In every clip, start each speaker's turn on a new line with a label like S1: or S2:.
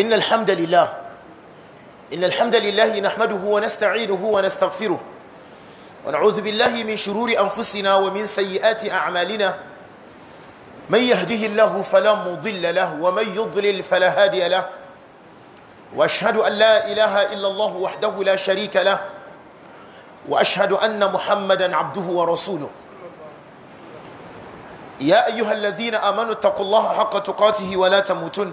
S1: إن الحمد لله إن الحمد لله نحمده ونستعينه ونستغفره ونعوذ بالله من شرور أنفسنا ومن سيئات أعمالنا من يهده الله فلا مضل له ومن يضلل فلا هادي له وأشهد أن لا إله إلا الله وحده لا شريك له وأشهد أن محمدا عبده ورسوله يا أيها الذين آمنوا اتقوا الله حق تقاته ولا تموتن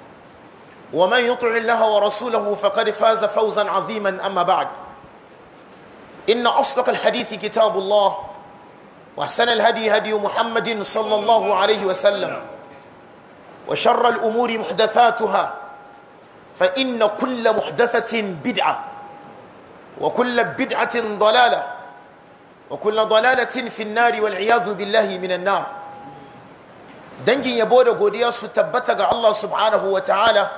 S1: ومن يطع الله ورسوله فقد فاز فوزا عظيما أما بعد إن أصدق الحديث كتاب الله وأحسن الهدي هدي محمد صلى الله عليه وسلم وشر الأمور محدثاتها فإن كل محدثة بدعة وكل بدعة ضلالة وكل ضلالة في النار والعياذ بالله من النار دنجي yabo da godiya الله سبحانه وتعالى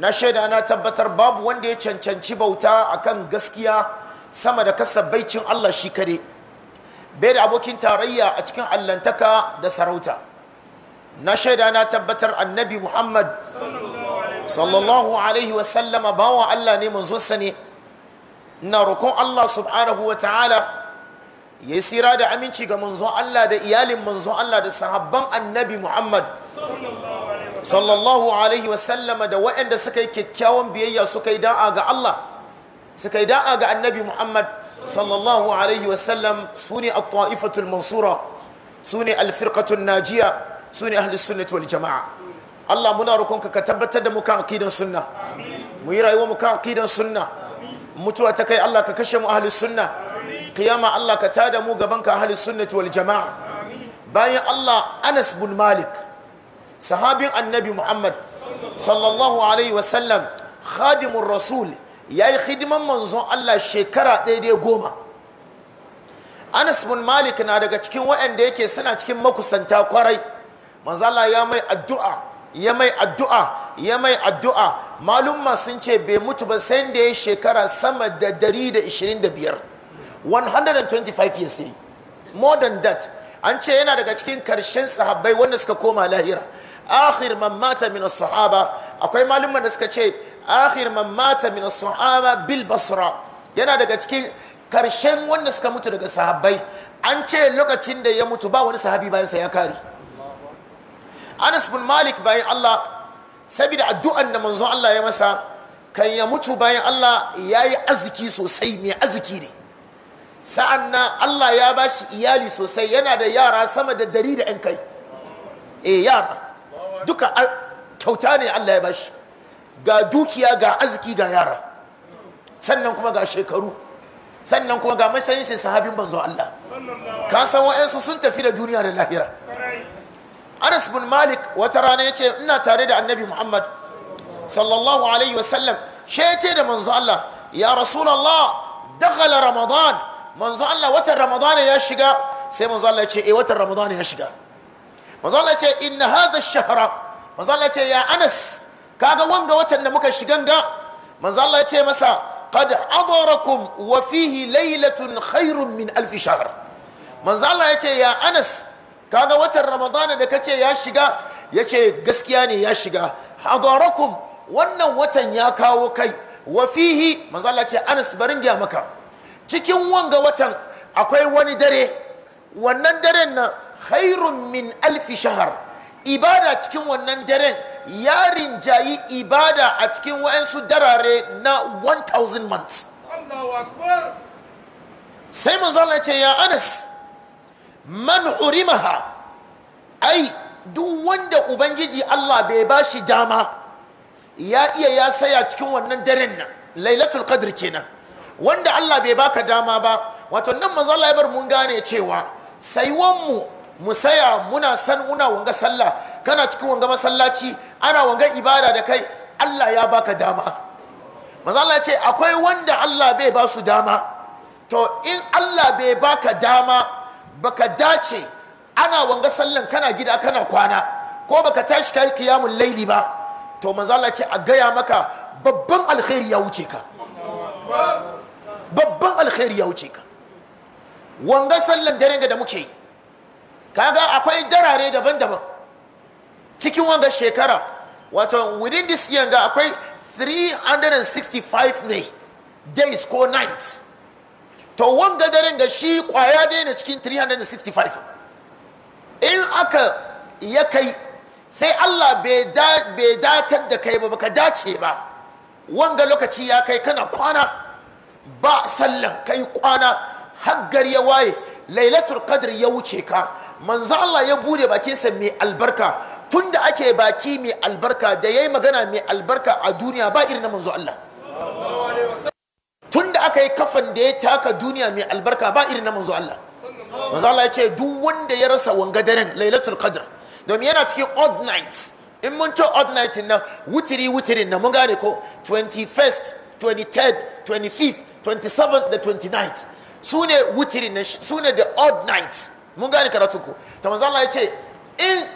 S1: na shaida na tabbatar babu wanda ya cancanci bauta a kan gaskiya sama da kasabbaicin Allah shi kare bai da abokin tarayya a cikin allantaka da sarauta na shaida na tabbatar annabi Muhammad
S2: sallallahu
S1: alaihi wasallama bawa Allah ne manzonsa ne na rukun Allah subhanahu wa ta'ala ya yi sira da aminci ga manzon Allah da iyalin manzon Allah da sahabban annabi Muhammad sallallahu alaihi wasallama da waɗanda suka yi kyakkyawan biyayya suka yi da'a ga Allah suka yi da'a ga annabi Muhammad sallallahu alaihi wasallam su ne at-ta'ifatul mansura su ne al najiya su ne Ahli sunnati wal jama'a Allah muna roƙonka ka tabbatar da mu kan aqidan sunna mu yi rayuwa mu kan aqidan sunna mutuwa ta kai Allah ka kashe mu Ahli sunna qiyama Allah ka tada mu gaban ka ahlus sunnati wal jama'a bayan Allah Anas bin Malik sahabin annabi muhammad sallallahu alaihi wasallam khadimun rasul ya yi hidiman manzon allah shekara ɗaya goma anas bin malik na daga cikin waɗanda yake suna cikin makusanta kwarai manzala ya mai addu'a ya mai addu'a ya mai addu'a malumma sun ce bai mutu ba sai da ya shekara sama da 125 years more than that an ce yana daga cikin karshen sahabbai wanda suka koma lahira akhir man mata min as-sahaba akwai malaman da suka ce akhir man mata min as-sahaba bil basra yana daga cikin karshen wanda suka mutu daga sahabbai an ce lokacin da ya mutu ba wani sahabi bayan sa ya kare Anas bin Malik bayan Allah saboda addu'an da manzon Allah ya masa kan ya mutu bayan Allah ya yi arziki sosai mai arziki ne sa'an nan Allah ya ba shi iyali sosai yana da yara sama da dari da ‘yan kai e yara duka kyauta ne Allah ya bashi ga dukiya ga arziki ga yara sannan kuma ga shekaru sannan kuma ga matsayin shi sahabin banzo Allah ka san wa'ansu sun tafi da duniya da lahira Anas bin Malik wata rana ya ce ina tare da Annabi Muhammad sallallahu alaihi wa shi ya da manzo Allah ya rasulullah dakhala ramadan manzo Allah watan ramadan ya shiga sai manzo Allah ya ce eh watan ramadan ya shiga manzo ce inna hadha ash-shahra manzo ce ya Anas kaga wanga watan da muka shiganga manzo Allah ce masa qad adarakum wa fihi laylatun khairun min alf shahr ya ce ya Anas kaga watan Ramadana da kace ya shiga yace gaskiya ne ya shiga adarakum wannan watan ya kawo kai wa fihi ce Anas barin gya maka cikin wanga watan akwai wani dare wannan daren nan khairun min alfi shahar ibada cikin wannan daren ya rinjayi ibada a cikin wa'ansu darare na 1000 months sai manzala ce ya anas man hurimaha ai duk wanda ubangiji allah bai ba shi dama ya iya ya saya cikin wannan daren nan lailatul qadr kenan wanda allah bai baka dama ba wato nan manzala ya bar mun gane cewa saiwanmu mu saya muna san una wanga sallah kana cikin wanga masallaci ana wanga ibada da kai Allah ya baka dama manzo Allah ya ce akwai wanda Allah bai ba su dama to in Allah bai baka dama baka dace ana wanga sallan kana gida kana kwana ko baka tashi kai kiyamul laili ba to manzo Allah ce a gaya maka babban alkhairi ya wuce ka babban alkhairi ya wuce ka wanga sallan dare da muke yi kaga akwai darare daban-daban cikin wanga shekara wato within this year ga akwai 365 ne days ko nights to wanga daren ga shi kwaya dai na cikin 365 in aka ya kai sai Allah bai datar da kai ba baka dace ba wanga lokaci ya kai kana kwana ba sallan kai kwana haggar ya waye lailatul qadr ya wuce ka manzo Allah ya bude bakinsa mai albarka da ake baki mai albarka da yayi magana mai albarka a duniya ba irin na manzo Allah tunda aka yi kafan da ya taka duniya mai albarka ba irin na manzo Allah manzo Allah ya ce duk wanda ya rasa wanga daren lailatul qadr domin yana cikin odd nights in mun ce odd night na wutiri wutirin na mun gane ko 21st 23rd 25th 27th da 29th su ne wutirin na su ne the odd nights mun gane karatu ko ta manzo ya ce in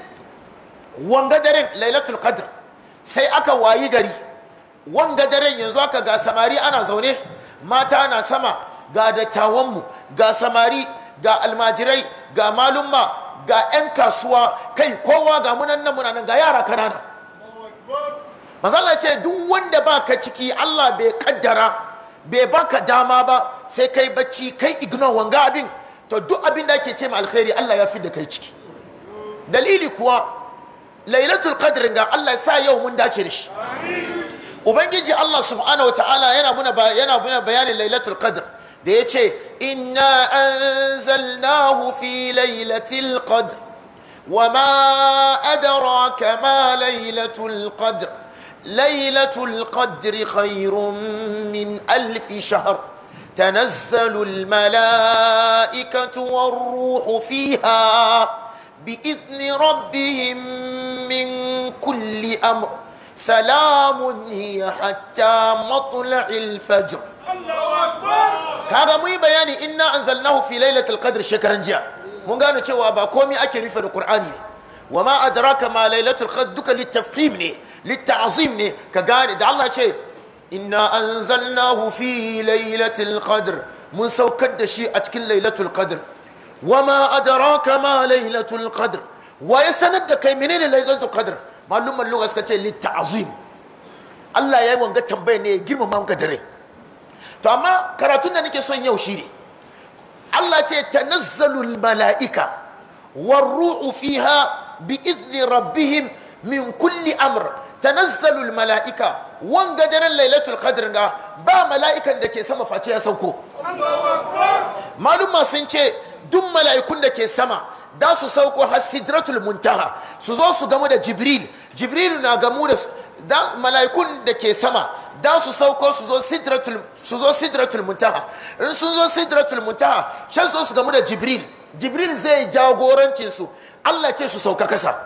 S1: wanga daren lailatul qadr sai aka wayi gari wanga daren yanzu aka ga samari ana zaune mata na sama ga dattawanmu ga samari ga almajirai ga malumma ga 'yan kasuwa kai kowa ga munan nan munan ga yara kanana ya ce duk wanda baka ciki allah bai kaddara bai baka dama ba sai kai bacci kai ignore wanga abin to duk abin da ake ce ma alkhairi Allah ya fi da kai ciki dalili kuwa lailatul qadrin ga Allah sa yau mun dace da shi ubangiji Allah subhanahu wataala yana muna yana muna bayanin lailatul qadr da yace inna anzalnahu fi lailatul qadr وما أدراك ما ليلة القدر ليلة القدر خير من ألف شهر تنزل الملائكة والروح فيها بإذن ربهم من كل أمر سلام هي حتى مطلع الفجر
S3: الله أكبر
S1: هذا مهم يعني إنا أنزلناه في ليلة القدر شكرا جاء مغانا شو أباكومي أكري في القرآن وما أدراك ما ليلة القدر دك للتفخيم للتعظيم كقاري الله شيء inna anzalnahu fi lailatul qadr mun saukar da shi a cikin lailatul qadr wama adraka ma lailatul qadr wa ya sanar da kai menene lailatul qadr malumman lugha suka ce litta'zim Allah ya yi wanga tambaya ne ya girmama maka dare to amma karatun da nake son yau shine Allah ce tanazzalul mala'ika warru'u fiha bi idni rabbihim min kulli amr tanazzalul mala'ika wanga daren lailatul qadr ga ba mala'ikan da ke sama face ya sauko maluma sun ce duk mala'ikun da ke sama da su sauko har sidratul muntaha su zo su gamu da jibril jibril na gamu da mala'ikun da ke sama da su sauko su zo sidratul muntaha in sun zo sidratul muntaha shan zo su gamu da jibril jibril zai jagorancin su allah ce su sauka kasa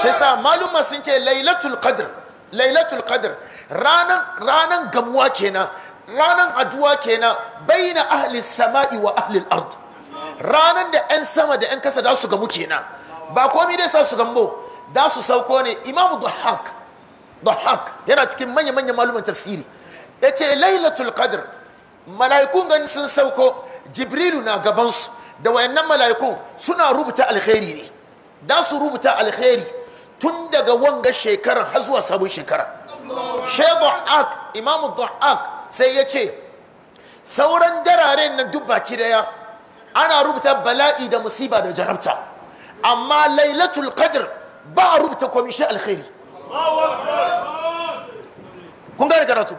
S1: shi sa maluma sun ce lailatul qadr lailatul qadr ranan ranan gamuwa kenan ranan aduwa kenan baina ahli sama'i wa ahli al-ard ranan da yan sama da yan kasa da su gamu kenan ba komai dai sa su gambo da su sauko ne imam dhahak dhahak yana cikin manya manya malumin tafsiri yace lailatul qadr mala'ikun gani sun sauko jibrilu na gabansu da wayannan malaiku suna rubuta alkhairi ne da su rubuta alkhairi tun daga wanga shekarar har zuwa sabon shekara shaidu'ak imamu du'ak sai ya ce sauran dararen nan duk baki daya ana rubuta bala'i da musiba da jarabta amma lailatul qadr ba a rubuta komishi alkhairi kun gane karatu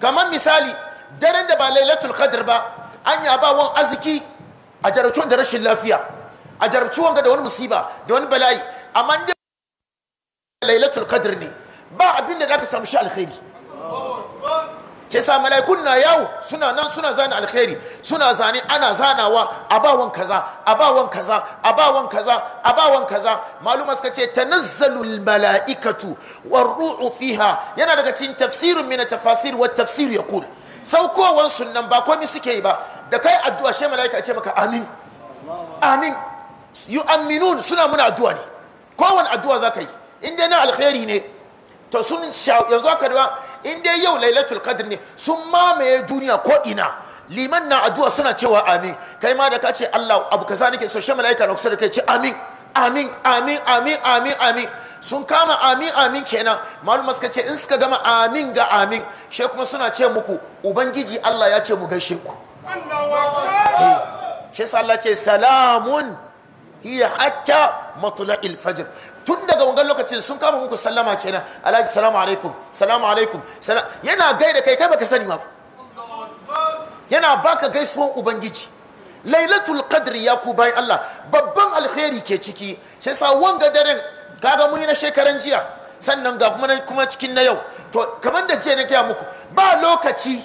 S1: kamar misali daren da ba lailatul qadr ba an yaba wan arziki a jarabcin da rashin lafiya a jarabci wanga da wani musiba da wani bala'i amma lailatul qadr ne ba abin da zaka samu shi alkhairi ke sa mala'ikun na yawo suna nan suna zana alkhairi suna zane ana zanawa abawan kaza abawan kaza abawan kaza abawan kaza maluma suka ce tanazzalul mala'ikatu war ru'u fiha yana daga cikin tafsirin min tafasir wa tafsir yaqul saukowan sunnan ba komai suke yi ba da kai addu'a shi mala'ika ce maka amin amin yu'minun suna muna addu'a ne kowane addu'a zaka yi in dai na alkhairi ne to sun yanzu aka da in dai yau lailatul qadr ne sun mamaye duniya ko ina liman na addu'a suna cewa amin kai ma da ka ce Allah abu kaza nake so shi malaika na kusa da ce amin amin amin amin amin amin sun kama amin amin kenan malum suka ce in suka gama amin ga amin shi kuma suna ce muku ubangiji Allah ya ce mu gaishe ku eh, shi Allah ce salamun hiya hatta matla'il fajr tun daga wangan lokacin sun kama muku sallama kenan alhaji salamu alaikum salamu alaikum yana gaida kai kai baka sani ba yana baka gaisuwan ubangiji lailatul qadri ya ku bayan Allah babban alheri ke ciki shi sa wanga daren kaga mun yi na shekaran jiya sannan ga kuma kuma cikin na yau to kamar da jiya na gaya muku ba lokaci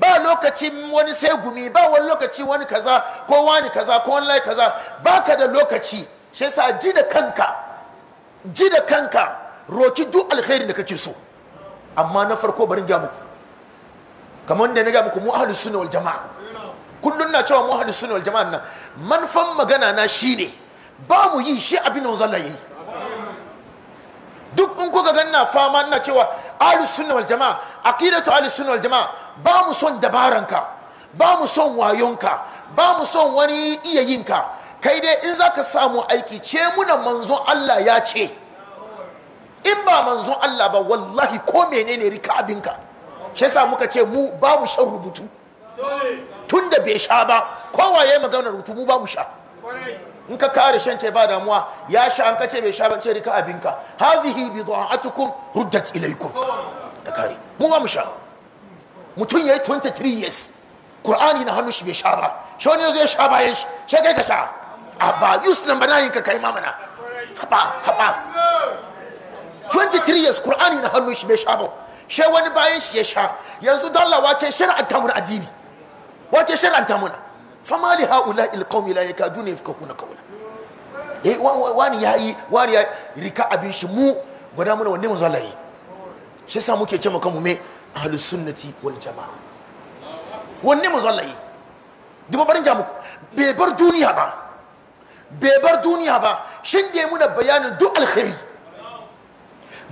S1: ba lokaci wani sai gumi ba wani lokaci wani kaza ko wani kaza ko wani kaza baka da lokaci shi yasa ji da kanka ji da kanka roki duk alkhairin da kake so amma na farko barin ga muku kamar da na ga muku mu ahlus sunna wal jamaa kullun na cewa mu sunna wal jamaa nan manfan magana na shine ba mu yi shi abin da zalla yi duk in kuka na fama ina cewa ahlus sunna wal jamaa aqidatu ahlus sunna wal jamaa ba mu son dabaranka ba mu son wayonka ba mu son wani iya yinka kai dai in za ka samu aiki ce muna manzon Allah ya ce in ba manzon Allah ba wallahi ko menene rika abinka shi yasa muka ce mu babu shan rubutu tun da bai sha ba kowa ya yi magana rubutu mu babu sha in ka kare shan ce ba damuwa ya sha an ka ce bai sha ba ce rika abinka hazihi bi du'atukum ruddat ilaykum da kare mu mu sha mutum ya yi 23 years Qur'ani na hannun shi bai sha ba shi wani yazo ya sha bayan shi shi kai ka sha haba yusuf nan bana yin ka kai mamana haba haba 23 years qur'ani na hannun shi bai sha ba shi wani bayan shi ya sha yanzu dalla wace shar'anta mun addini wace shar'anta mun fama li haula il qaumi la yakaduna yafqahuna qawla eh wani yayi wani ya rika abin shi mu gwada mana wanne mun zalaye shi yasa muke ce maka mu me ahlus sunnati wal jamaa wanne mun zalaye duba barin ja muku bai bar duniya ba bai bar duniya ba shin da ya muna bayanin duk alkhairi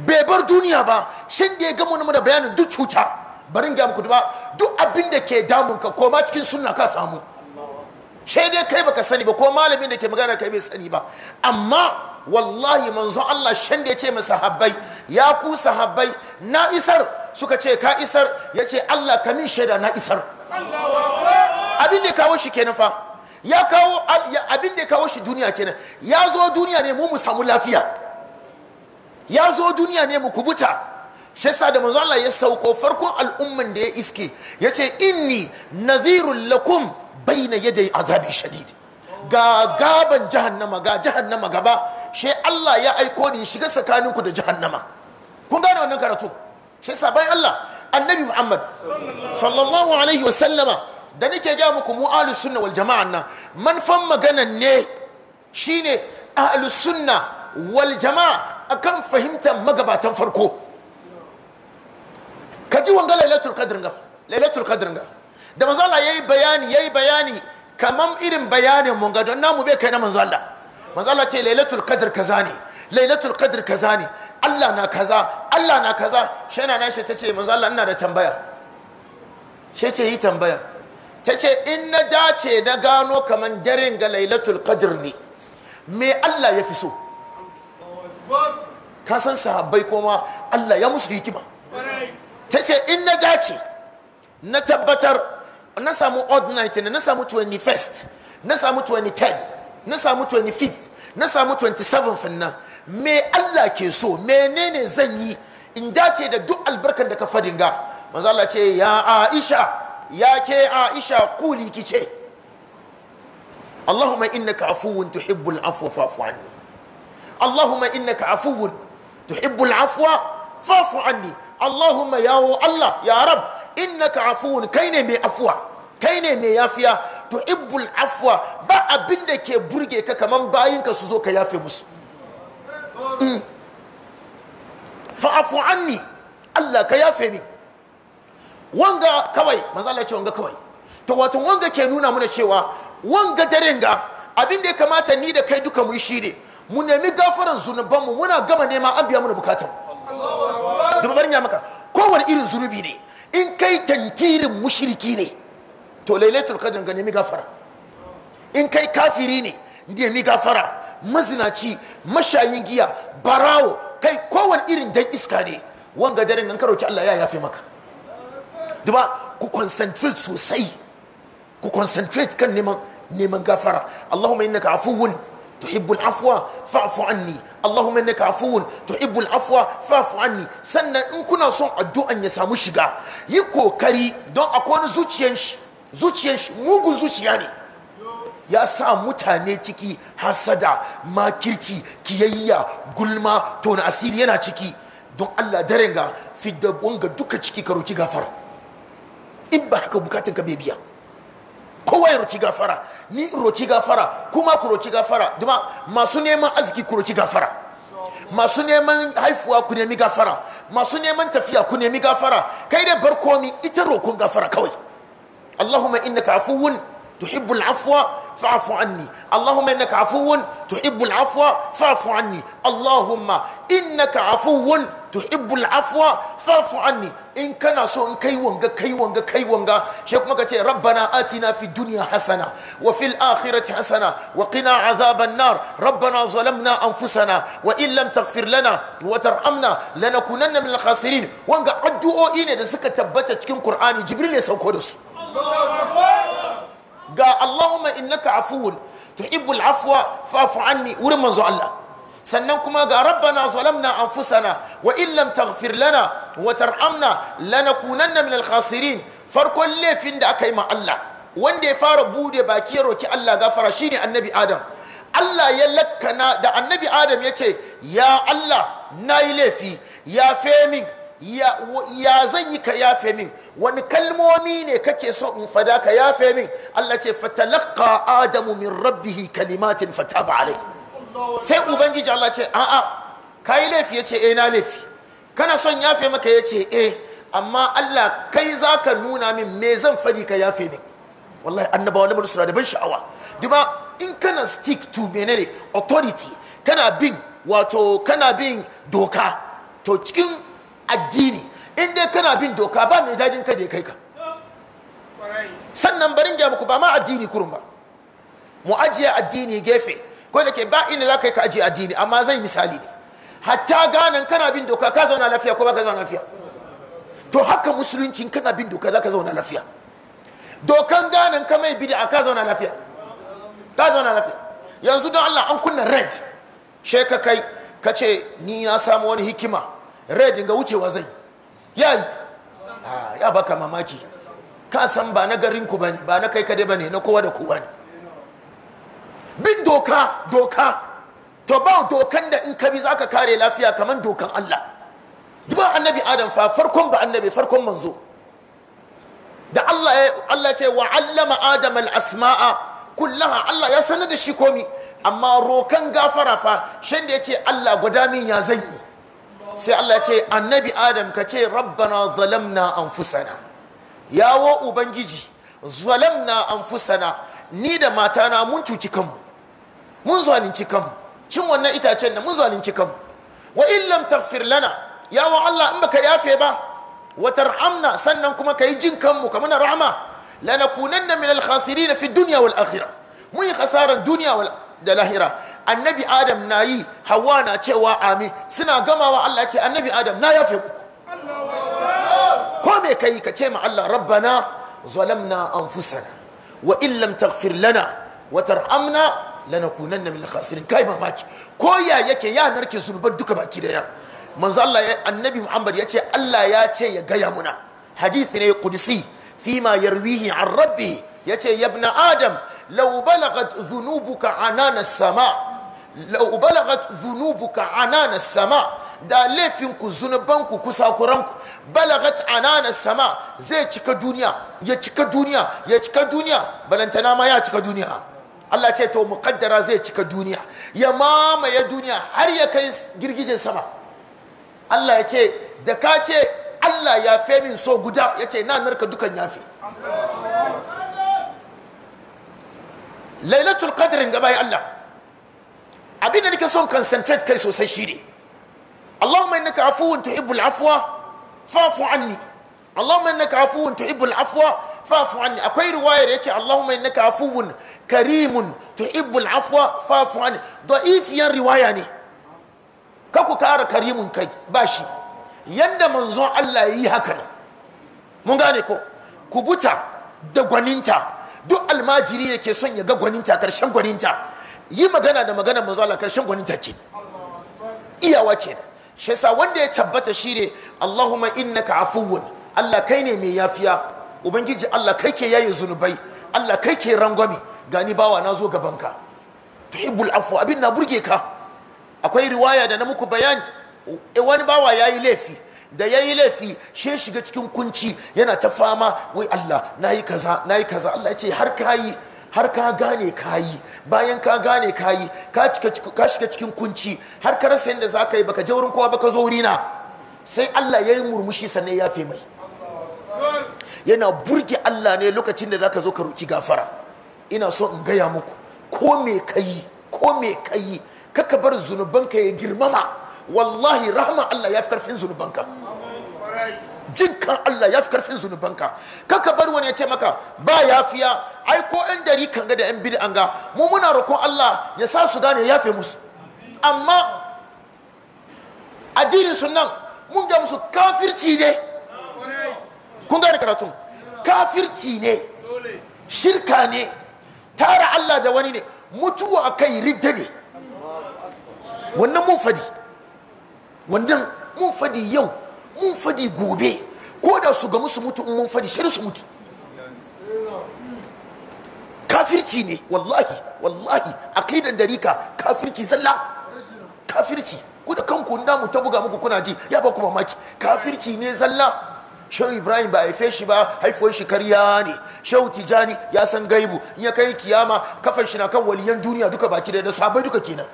S1: bai bar duniya ba shin da ya ga muna bayanin duk cuta barin ga muku ba duk abin da ke damun ka ko ma cikin sunna ka samu shai dai kai baka sani ba ko malamin da ke magana kai bai sani ba amma wallahi manzo Allah shan da ya ce masa habbai ya ku sahabbai na isar suka ce ka isar ya ce Allah ka min shaida na isar abin da kawo shi kenan fa ya kawo abin da ya kawo shi duniya kenan ya zo duniya ne mu mu samu lafiya ya zo duniya ne mu kubuta shi yasa da manzo Allah ya sauko farkon al'umman da ya iske ya ce inni nadhirul lakum bayna yaday azabi shadid ga gaban jahannama ga jahannama gaba shi Allah ya aiko ni shiga tsakaninku da jahannama kun gane wannan karatu shi yasa bayan Allah annabi Muhammad sallallahu alaihi sallama. da nake ga muku mu ahlus sunna wal jama'an nan manfan maganan ne shine ahlus sunna wal jama'a akan fahimtar magabatan farko ka ji wanga lailatul qadr ga lailatul qadr ga da manzo Allah yayi bayani yayi bayani kamar irin bayanin mun ga don namu bai kai na manzo Allah manzo Allah ce lailatul qadr kaza ne lailatul qadr kaza ne Allah na kaza Allah na kaza shana na shi tace manzo Allah ina da tambaya shi ce yi tambaya ta ce in na dace na gano kamar daren ga lailatul qadr ne me Allah ya fi so ka san sahabbai kuma Allah ya musu hikima ta ce in na dace na tabbatar na samu odd night na samu 21st na samu 23rd na samu 25th na samu 27th me Allah ke so menene zan yi in dace da duk albarkar da ka fadin ga manzo Allah ce ya Aisha ya ke aisha kuli ki ce allahumma innaka afuwun tuhibbul afwa fa'fu anni allahumma inna innaka afuwun tuhibbul afwa fa'fu anni allahumma ya wo allah ya rab inna ka afuwun kai ne mai afuwa kai ne mai yafiya tuhibbul afwa ba abin da ke burge ka kaman bayinka su zo ka yafe musu Fa mm. fa'fu anni allah ka yafe ni wanga kawai manzo Allah ce wanga kawai to wato wanga ke nuna muna cewa wanga daren ga abin da ya kamata ni da kai duka mu yi shi ne mu nemi gafaran mu muna gama nema an biya mana bukatun Allahu Akbar maka kowane irin zunubi ne in kai tantirin mushriki ne to lailatul qadr ga nemi gafara in kai kafiri ne nemi gafara mazinaci mashayin giya barawo kai kowane irin dan iska ne wanga daren an karoki Allah ya yafe maka duba ku concentrate sosai ku concentrate kan neman neman gafara Allahumma innaka afuwun tuhibbul afwa fa'fu anni Allahumma innaka afuwun tuhibbul afwa fa'fu anni sannan in kuna son addu'an ya samu shiga yi kokari don akwai wani zuciyan shi zuciyan shi mugun zuciya ne ya sa mutane ciki hasada makirci kiyayya gulma tona asiri yana ciki don Allah daren ga fidda wanga duka ciki ka roki gafara in ba haka bukatun ka bai biya kowa ya roki gafara ni roci roki gafara kuma ku roki gafara duma masu neman arziki ku roki gafara masu neman haifuwa ku nemi gafara masu neman tafiya ku nemi gafara kai dai bar komi ita rokon gafara kawai allahumma innaka afuwun tuhibbul afwa fa'fu anni allahumma innaka afuwun tuhibbul afwa fa'fu anni allahumma innaka afuwun tuhibbul afwa fa'fu anni in kana so in kai wanga kai wanga kai wanga shi kuma kace rabbana atina fi dunya hasana wa fil akhirati hasana wa qina azaban nar rabbana zalamna anfusana wa in lam taghfir lana wa tarhamna lanakunanna na khasirin wanga addu'o'i ne da suka tabbata cikin qur'ani jibril ya sauko da su ga allahumma innaka afuwun tuhibbul afwa fa'fu anni wurin manzo Allah sannan kuma ga rabbana zalamna anfusana wa illam taghfir lana wa da lanakunanna min al farkon laifin da aka yi ma Allah wanda ya fara bude baki ya roki Allah gafara shine annabi Adam Allah ya lakkana da annabi Adam ya ce ya Allah na yi laifi ya femin ya, zan yi ka yafe min wani kalmomi ne kake so in fada ka yafe min Allah ce fatalaka adamu min rabbihi kalimatin fataba alai sai ubangiji Allah ce a'a kayi laifi yace eh na laifi kana son yafe maka yace eh amma Allah kai zaka nuna min me zan fadi ka yafe min wallahi wani bin sura da ban sha'awa duba in kana stick to menene authority kana bin wato kana bin doka to cikin addini in dai kana bin doka ba mai dajin ka da kai ka sannan barin jamuku ba ma addini kurun ba mu ajiye addini gefe ko da ke ba inda za ka yi ka ajiye addini amma zai misali ne hatta ganan kana bin doka ka zauna lafiya ko ba ka zauna lafiya to haka musulunci kana bin doka za ka zauna lafiya dokan ganan ka mai bid'a ka zauna lafiya ka zauna lafiya yanzu don Allah an kunna red she ka kai ka ce ni na samu wani hikima red ga wucewa zai ya yi ah, ya baka mamaki ka san ba na garin ku ne, ba na kai ka ne, na kowa da kowa ne bin doka doka to ba dokan da in ka bi zaka kare lafiya kamar dokan Allah duba annabi adam fa farkon ba annabi farkon manzo da Allah ya Allah ce wa allama adam al asma'a kullaha Allah ya sanar da shi komi amma rokan gafara fa shin da yace Allah gwada min ya zan yi sai Allah ya ce annabi adam ka ce rabbana zalamna anfusana yawo ubangiji zalamna anfusana ni da matana mun cuci kanmu mun zalunci kanmu cin wannan itacen da mun zalunci kanmu wa in taghfir lana ya wa Allah in baka yafe ba wa tarhamna sannan kuma kai jin kanmu ka muna rahma lanakunanna min al-khasirin fi dunya wal akhirah mun yi kasaran duniya wal da lahira annabi adam na yi hawa na cewa amin suna gamawa Allah ce annabi adam na yafe ku ko me kai ka ce ma Allah rabbana zalamna anfusana wa in taghfir lana wa tarhamna lanakunanna min khasirin kai mamaki ko ya yake ya narke zunuban duka baki daya manzo Allah annabi Muhammad ya ce Allah ya ce ya gaya muna hadisi ne qudsi fima yarwihi an rabbi ya ce yabna adam law balagat dhunubuka anana sama law balagat dhunubuka anana sama da laifinku zunubanku kusakuranku balagat anana sama zai cika duniya ya cika duniya ya cika duniya balantana ma ya cika duniya Allah ce to muqaddara zai cika duniya ya mamaye duniya har ya kai girgijin sama Allah ya ce da ka ce Allah ya fe min so guda ya ce na narka dukan yafe lailatul qadrin gaba ya Allah abin da nake son concentrate kai sosai shi ne Allahumma innaka afuwun tuhibbul afwa fa'fu anni Allahumma innaka afuwun tuhibbul afuwa fa'fu anni akwai riwayar yace Allahumma innaka afuwun karimun tuhibbul afwa fa'fu do ifiyan riwaya ne ka ku kara karimun kai ba shi yanda manzon Allah yayi haka ne mun gane ko kubuta da gwaninta duk almajiri yake son ya ga gwaninta karshen gwaninta yi magana da magana manzo Allah karshen gwaninta ce iyawa kenan shi wanda ya tabbata shine Allahumma innaka afuwun Allah kai ne mai yafiya ubangiji Allah kai ke yayi zunubai Allah kai ke rangwami gani bawa na zo gabanka tuhibbul afwa abin na burge ka akwai riwaya da na muku bayani e wani bawa yayi laifi da yayi laifi she shiga cikin kunci yana ta fama wai Allah nayi kaza nayi kaza Allah ya ce har kai har ka gane kayi bayan ka gane kayi ka ka shiga cikin kunci har ka rasa yanda zaka yi baka je wurin kowa baka zo wurina sai Allah yayi yi murmushi sannan ya fe mai yana burge Allah ne lokacin da zaka zo ka roki gafara ina so in gaya muku ko me kai ko me kai kaka bar zunubanka ya girmama wallahi rahma Allah ya fi karfin zunubanka jin jinkan Allah ya fi karfin zunubanka kaka bar wani ya ce maka ba yafiya ai ko yan dari kan ga da yan bid'an ga mu muna roƙon Allah ya sa su gane yafe musu amma addinin sunan mun ga musu kafirci ne kun gane karatun kafirci ne shirka ne tara Allah da wani ne mutuwa kai ridda ne wannan mun fadi wannan mun fadi yau mun fadi gobe ko da su gamu su mutu in mun fadi shari su mutu kafirci ne wallahi wallahi aqidan darika kafirci zalla kafirci ku da kanku na mu ta buga muku kuna ji ya ba ku mamaki kafirci ne zalla shehu ibrahim ba haife shi ba haifuwar shi karya ne shehu tijani ya san gaibu in ya kai kiyama kafan shi na kan waliyan duniya duka baki da sabai duka kenan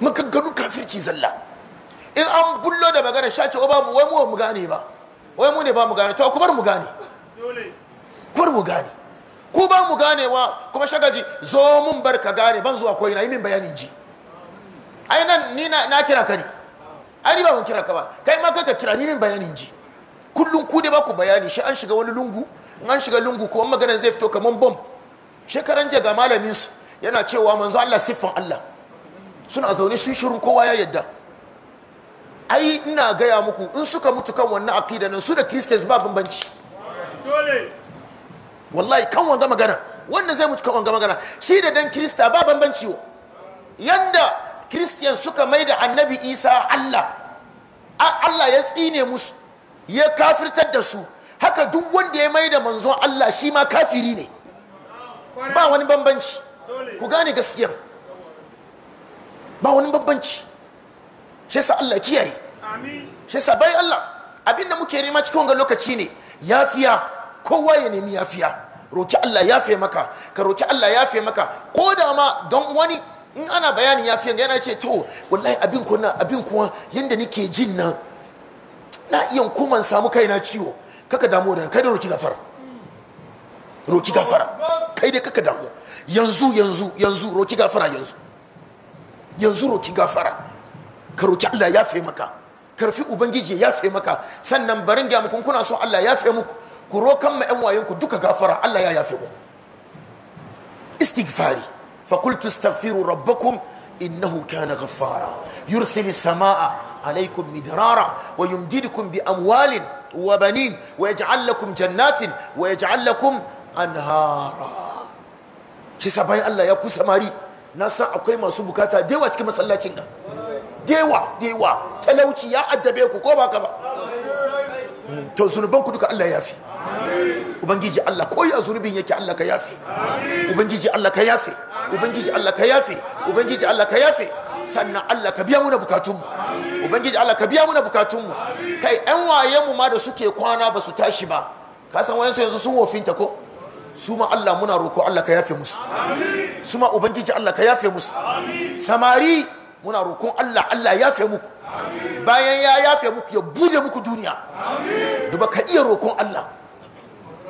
S1: muka gano kafirci zalla in an bullo da magana sha ce oh, ba mu wai mu mu gane ba wai ne ba mu gane to ku bar mu gane kuma mu gane ku ba mu gane wa kuma shagaji zo mun bar ka gane ban zuwa koyi na yi min bayanin ji ai nan ni na kira ka ne ai ba mun kira ka ba kai ma kanka kira ni min bayanin ji kullun ku da ba ku bayani shi an shiga wani lungu in an shiga lungu ko maganar zai fito kaman bomb shekaran jiya ga malamin su yana cewa manzo Allah siffan Allah suna zaune sun shirin kowa ya yadda ai ina gaya muku in suka mutu kan wannan aqida nan su da christians ba bambanci dole wallahi kan wanga magana wanda zai mutu kan wanga magana shi da dan krista ba bambanci yanda christian suka mai da annabi isa allah allah ya tsine musu ya kafirtar da su haka duk wanda ya mai da manzon allah shi ma kafiri ne ba wani bambanci ku gane gaskiya ba wani bambanci shi yasa allah kiyaye shi yasa bai allah abinda muke nema cikin wanga lokaci ne yafiya kowa ya nemi yafiya roki allah yafe maka ka roki allah yafe maka ko da ma don wani in ana bayanin yafiyan yana ce to wallahi abin kuna abin kuma yanda nake jin nan na iya koman samu kaina ciwo kaka damu da kai da roki gafara roki gafara kai dai kaka damu yanzu yanzu yanzu roki gafara yanzu yanzu roki gafara ka roki Allah ya fi maka karfi ubangiji ya fi maka sannan barin ga muku kuna so Allah ya fi muku ku rokan ma yan wayen ku duka gafara Allah ya yafe muku istighfari فقلت استغفروا ربكم إنه كان غفارا يرسل السماء عليكم مدرارا ويمددكم بأموال وبنين ويجعل لكم جنات ويجعل لكم أنهارا shi sabayin Allah ya kusa samari na san akwai masu bukata dewa cikin masallacin nan dewa talauci ya addabe ku ko ba to zunuban ku duka Allah ya fi ubangiji Allah ko ya zunubin yake Allah ka yafe ubangiji Allah ka yafe ubangiji Allah ka yafe ubangiji Allah ka yafe sannan Allah ka biya muna bukatunmu ubangiji Allah ka biya muna bukatunmu kai yan wayenmu ma da suke kwana ba su tashi ba ka san wayansu yanzu sun wofinta ko su ma Allah muna roko Allah ka yafe musu su ma ubangiji Allah ka yafe musu samari muna roƙon Allah Allah yafe muku bayan ya yafe muku ya bude muku duniya duba ka iya roƙon Allah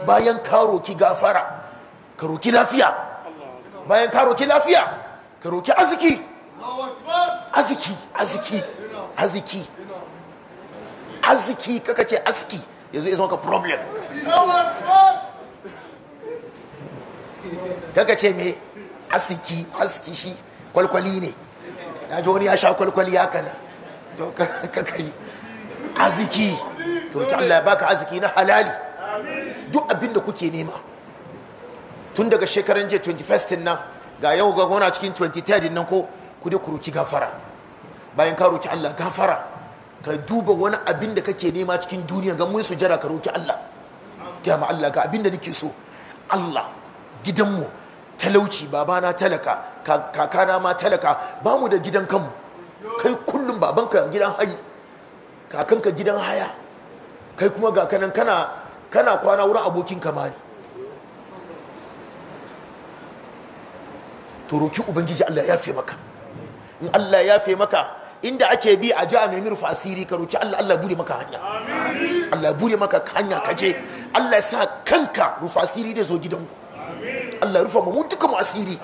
S1: bayan ka roki gafara ka roki lafiya bayan ka roki lafiya ka roki aziki aziki aziki aziki aziki kaka ce aski yanzu ya zama ka problem kaka ce me aski aski shi kwalkwali ne ya ji wani ya sha kwalkwali ya kana to ka kai arziki to ki Allah ya baka arziki na halali duk abinda kuke nema tun daga shekaran jiya 21st nan ga yau ga gona cikin 23 nan ko ku dai ku roki gafara bayan ka roki Allah gafara ka duba wani abin da kake nema cikin duniya ga mun sujara ka roki Allah ya ma Allah ga abin da nake so Allah gidanmu talauci babana talaka kakana ma talaka bamu da gidan kanmu babanka gidan hayi kakanka gidan haya kai kuma ga kanan kana kana kwana wurin abokin kamari to roki ubangiji Allah ya fe maka in Allah ya fe maka inda ake bi a ji a nemi rufa asiri ka roki Allah Allah bude maka hanya Allah bude maka hanya kaje Allah ya sa kanka rufasiri asiri da zo gidanku Allah rufa mu duka mu asiri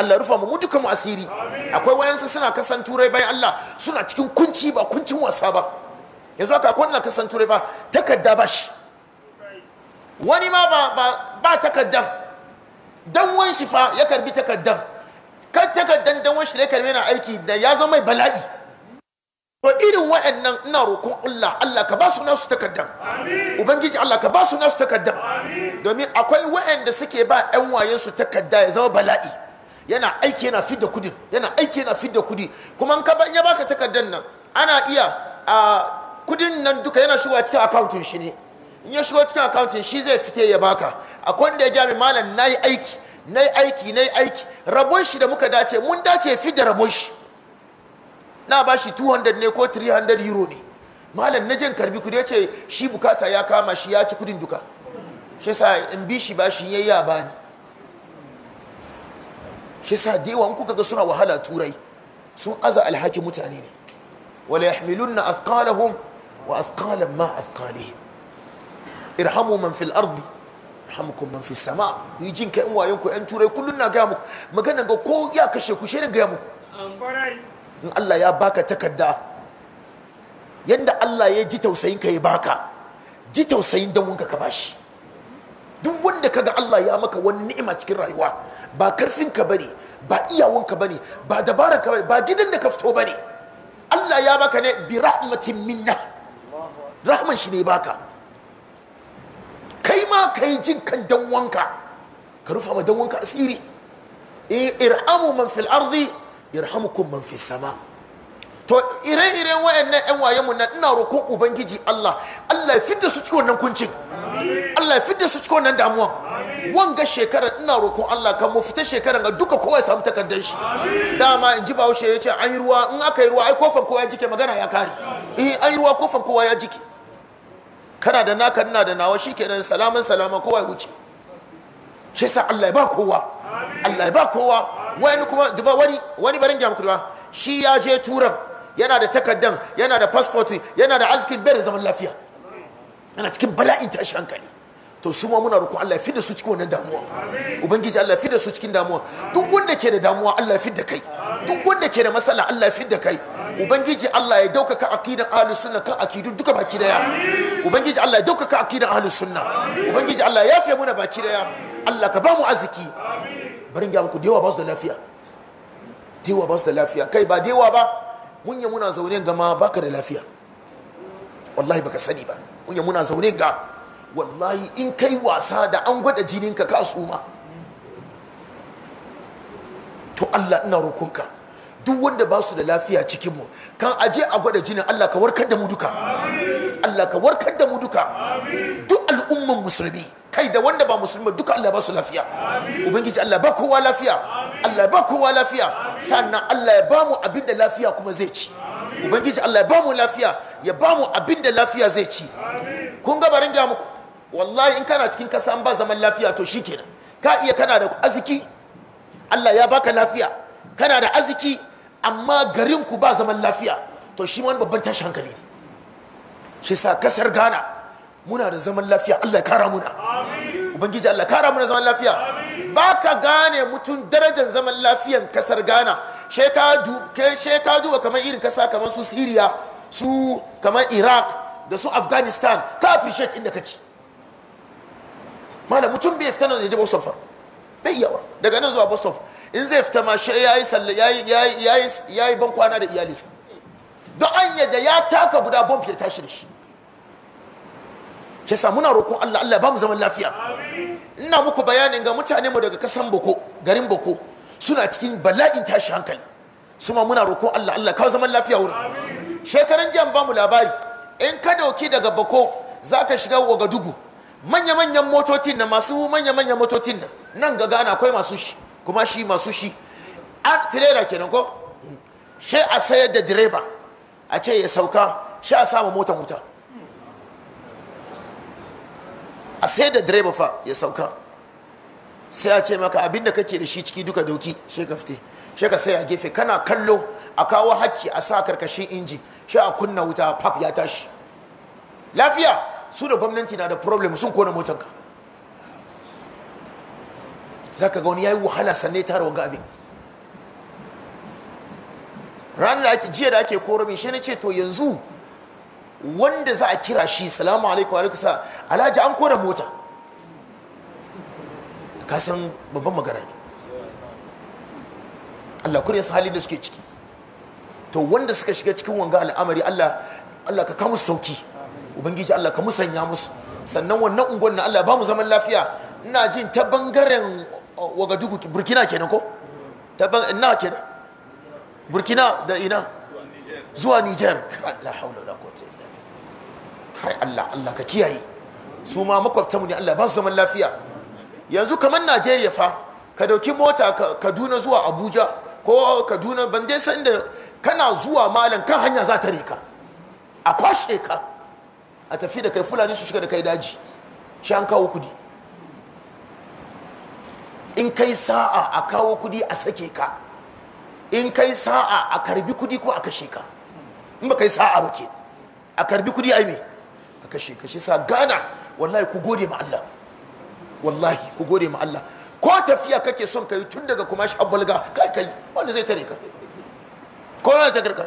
S1: Allah rufa mu duka mu asiri akwai wayansu suna kasan turai bayan Allah suna cikin kunci ba kuncin wasa ba yanzu aka akwai wannan kasan turai ba Takadda ba shi wani ma ba ba, takardan dan shi fa ya karbi takardan kan takardan dan wan da ya karbi yana aiki da ya zama mai bala'i to irin wa'annan ina rokon Allah Allah ka ba su nasu takaddam ubangiji Allah ka ba su nasu takaddam domin akwai wa'anda suke ba ƴan wayen su takadda ya zama bala'i yana aiki yana fidda kudi yana aiki yana fidda kudi kuma in ka ba ya baka takaddan nan ana iya a kudin nan duka yana shigowa cikin akawuntin shi ne in ya shigo cikin akawuntin shi zai fite ya baka akwai wanda ya gami malam nayi aiki nayi aiki nayi aiki rabon shi da muka dace mun dace fidda da rabon shi na ba shi 200 ne ko 300 euro ne malam na jin karbi kudi ya ce shi bukata ya kama shi ya ci kudin duka shi sa in bi shi ba shi ya yi ba ni shi sa da yawa kuka ga suna wahala turai sun aza alhaki mutane ne wala yahmilunna athqalahum wa afkalan ma athqalihim irhamu man fil ardi yarhamukum man fil sama ku yi jin kai in wayon ku yan turai kullum na gaya muku maganan ga ko ya kashe ku shi ne ga muku in Allah ya baka takarda yadda Allah ya ji tausayin ka ya baka ji tausayin dan wanka ka bashi duk wanda kaga Allah ya maka wani ni'ima cikin rayuwa ba karfin ka bane ba iyawanka bane ba dabara bane ba gidan da ka fito bane Allah ya baka ne bi rahmatin minna rahman shi ne baka kai ma kai jin kan dan wanka ka rufa ma dan wanka asiri eh, irhamu man fil ardi yarhamukum man fi sama to ire-iren wayannan yan waye mun ina roƙon ubangiji Allah Allah ya fidda su cikin wannan kuncin Allah ya fidda su cikin wannan damuwan wanga shekara ina roƙon Allah kan mu fita shekara ga duka kowa ya samu takardar shi dama in ji bawo ya ce an yi ruwa in aka yi ruwa ai kofan kowa ya jike magana ya kare eh an yi ruwa kofan kowa ya jike kana da naka ina da nawa shikenan salaman salama kowa ya wuce shi sa Allah ya ba kowa Allah ya ba kowa wani kuma duba wani wani barin ga muku duba shi ya je turan yana da takaddan yana da passport yana da azkin bai da zaman lafiya yana cikin bala'in ta hankali to su ma muna roƙo Allah ya fida su cikin wannan damuwa ubangiji Allah ya fida su cikin damuwa duk wanda ke da damuwa Allah ya fida kai duk wanda ke da matsala Allah ya fida kai ubangiji Allah ya daukaka aqidan ahlus sunna kan akidun duka baki daya ubangiji Allah ya daukaka aqidan ahlus sunna ubangiji Allah ya yafe muna baki daya Allah ka ba mu arziki barin gya muku da ba su da lafiya dewa ba su da lafiya kai ba dewa ba mun muna zaune gama baka da lafiya wallahi baka sani ba mun muna zaune ga wallahi in kai wasa da an gwada jininka ka suma to Allah ina rokonka duk wanda ba su da lafiya cikin mu kan aje a gwada jinin Allah ka warkar da mu duka Allah ka warkar da mu duka duk al'umman musulmi kai da wanda ba musulmi duka Allah ba su lafiya ubangiji Allah ba kowa lafiya Allah ba kowa lafiya sannan Allah ya ba mu abin da lafiya kuma zai ci ubangiji Allah ya ba mu lafiya ya ba mu abin da lafiya zai ci kun ga barin ga muku wallahi in kana cikin kasa an ba zaman lafiya to shikenan ka iya kana da aziki Allah ya baka lafiya kana da aziki amma garin ku ba zaman lafiya to shi wani babban tashin hankali ne shi sa kasar Ghana muna da zaman lafiya Allah ya kara muna ubangiji Allah kara muna zaman lafiya ba ka gane mutum darajar zaman lafiyan kasar Ghana sheka duba kamar irin kasa kamar su Syria su kamar Iraq da su Afghanistan ka appreciate inda kaci malam mutum bai fita nan da je Boston fa bai yawa daga nan zuwa Boston in zai fita ma shi yayi sallah yayi yayi yayi ban kwana da iyalinsa don an yadda ya taka guda bomb ya tashi da shi ke muna roƙon Allah Allah ba mu zaman lafiya ina muku bayanin ga mutane mu daga kasan Boko garin Boko suna cikin bala'in tashi hankali suma muna roƙon Allah Allah kawo zaman lafiya wurin shekaran jiya ba mu labari in ka dauki daga Boko zaka shiga Wagadugu manya-manyan motocin na masu manya-manyan motocin na nan ga gana akwai masu shi kuma shi masu shi a tirela kenan ko shi a sayar da direba a ce ya sauka shi a samu motan wuta a sayar da direba fa ya sauka sai a ce maka abinda kake da shi ciki duka doki shi ka fite shi ka sai a gefe kana kallo a kawo hakki a sa karkashin inji shi a kunna wuta pap ya tashi lafiya su da gwamnati na da problem sun kona motanka za ka ga wani ya yi wahala sannan ya tara wa abin ranar da ake jiya da ake koro min shi na ce to yanzu wanda za a kira shi salamu alaikum alaikusa alhaji an kora mota ka san babban magana ne Allah kuriya su halin da suke ciki to wanda suka shiga cikin wanga al'amari Allah Allah ka kamu sauki ubangiji Allah ka musanya musu sannan wannan unguwan na Allah ba mu zaman lafiya ina jin ta bangaren wagadugu burkina kenan ko taban ina kenan burkina da ina zuwa niger la haula quwwata illa Allah Allah ka kiyaye su ma makwabtanmu ne Allah ba su zaman lafiya yanzu kamar Najeriya fa ka dauki mota Kaduna zuwa Abuja ko Kaduna ban dai san da kana zuwa malam kan hanya za ta rika a kwashe ka a tafi da kai fulani su shiga da kai daji shi an kawo kudi in kai sa'a a kawo kudi a sake ka in kai sa'a a karbi kudi ko a kashe ka in ba kai sa'a ba ke a karbi kudi ai me a kashe ka shi sa gana wallahi ku gode ma Allah wallahi ku gode ma Allah ko tafiya kake son kai tun daga kuma shi abbalga kai kai wanda zai tare ka ko na ta garka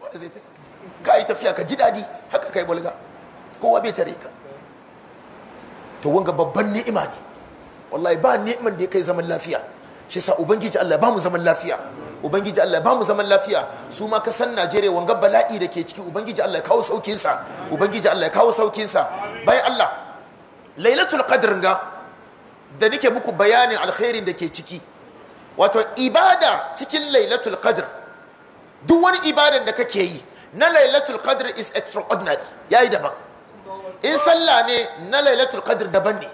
S1: wanda zai tare ka yi tafiya ka ji dadi haka kai bulga kowa bai tare ka to wanga babban ni'ima ne wallahi ba neman da ya kai zaman lafiya shi sa ubangiji Allah ba mu zaman lafiya ubangiji Allah ba mu zaman lafiya su ma ka san Najeriya wanga bala'i da ke ciki ubangiji Allah ya kawo saukin sa ubangiji Allah ya kawo saukin sa bai Allah lailatul qadr ga da nake muku bayanin alkhairin da ke ciki wato ibada cikin lailatul qadr duk wani ibadan da kake yi na lailatul qadr is extraordinary yayi daban in sallah ne na lailatul qadr daban ne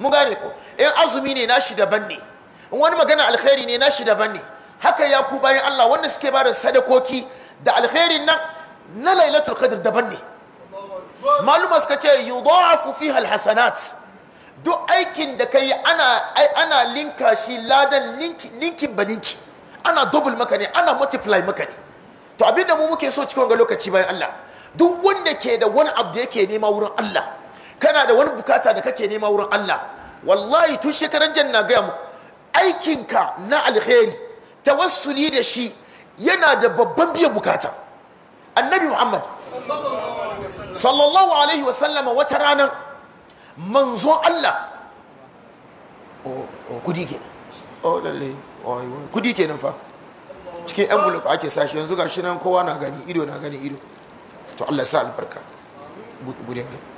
S1: mu gane ko in azumi ne nashi daban ne in wani magana alkhairi ne nashi daban ne haka ya ku bayan Allah wanda suke ba da sadakoki da alkhairin nan na lailatul qadr daban ne maluma suka ce yudhafu fiha alhasanat duk aikin da kai ana ana linka shi ladan ninki ninkin ba ninki ana double maka ne ana multiply maka ne to abinda mu muke so cikin ga lokaci bayan Allah duk wanda ke da wani abu da yake nema wurin Allah kana da wani bukata da kake nema wurin Allah wallahi tun shekaran jan na gaya muku aikinka na alheri tawassuli da shi yana da babban biyan bukata annabi muhammad sallallahu alaihi wasallama wata ranar manzon Allah oh, oh, kudi kenan oh lalle oh, kudi kenan fa cikin envelope ake sashi yanzu gashi nan kowa na gani ido na gani ido to Allah sa albarka bude gani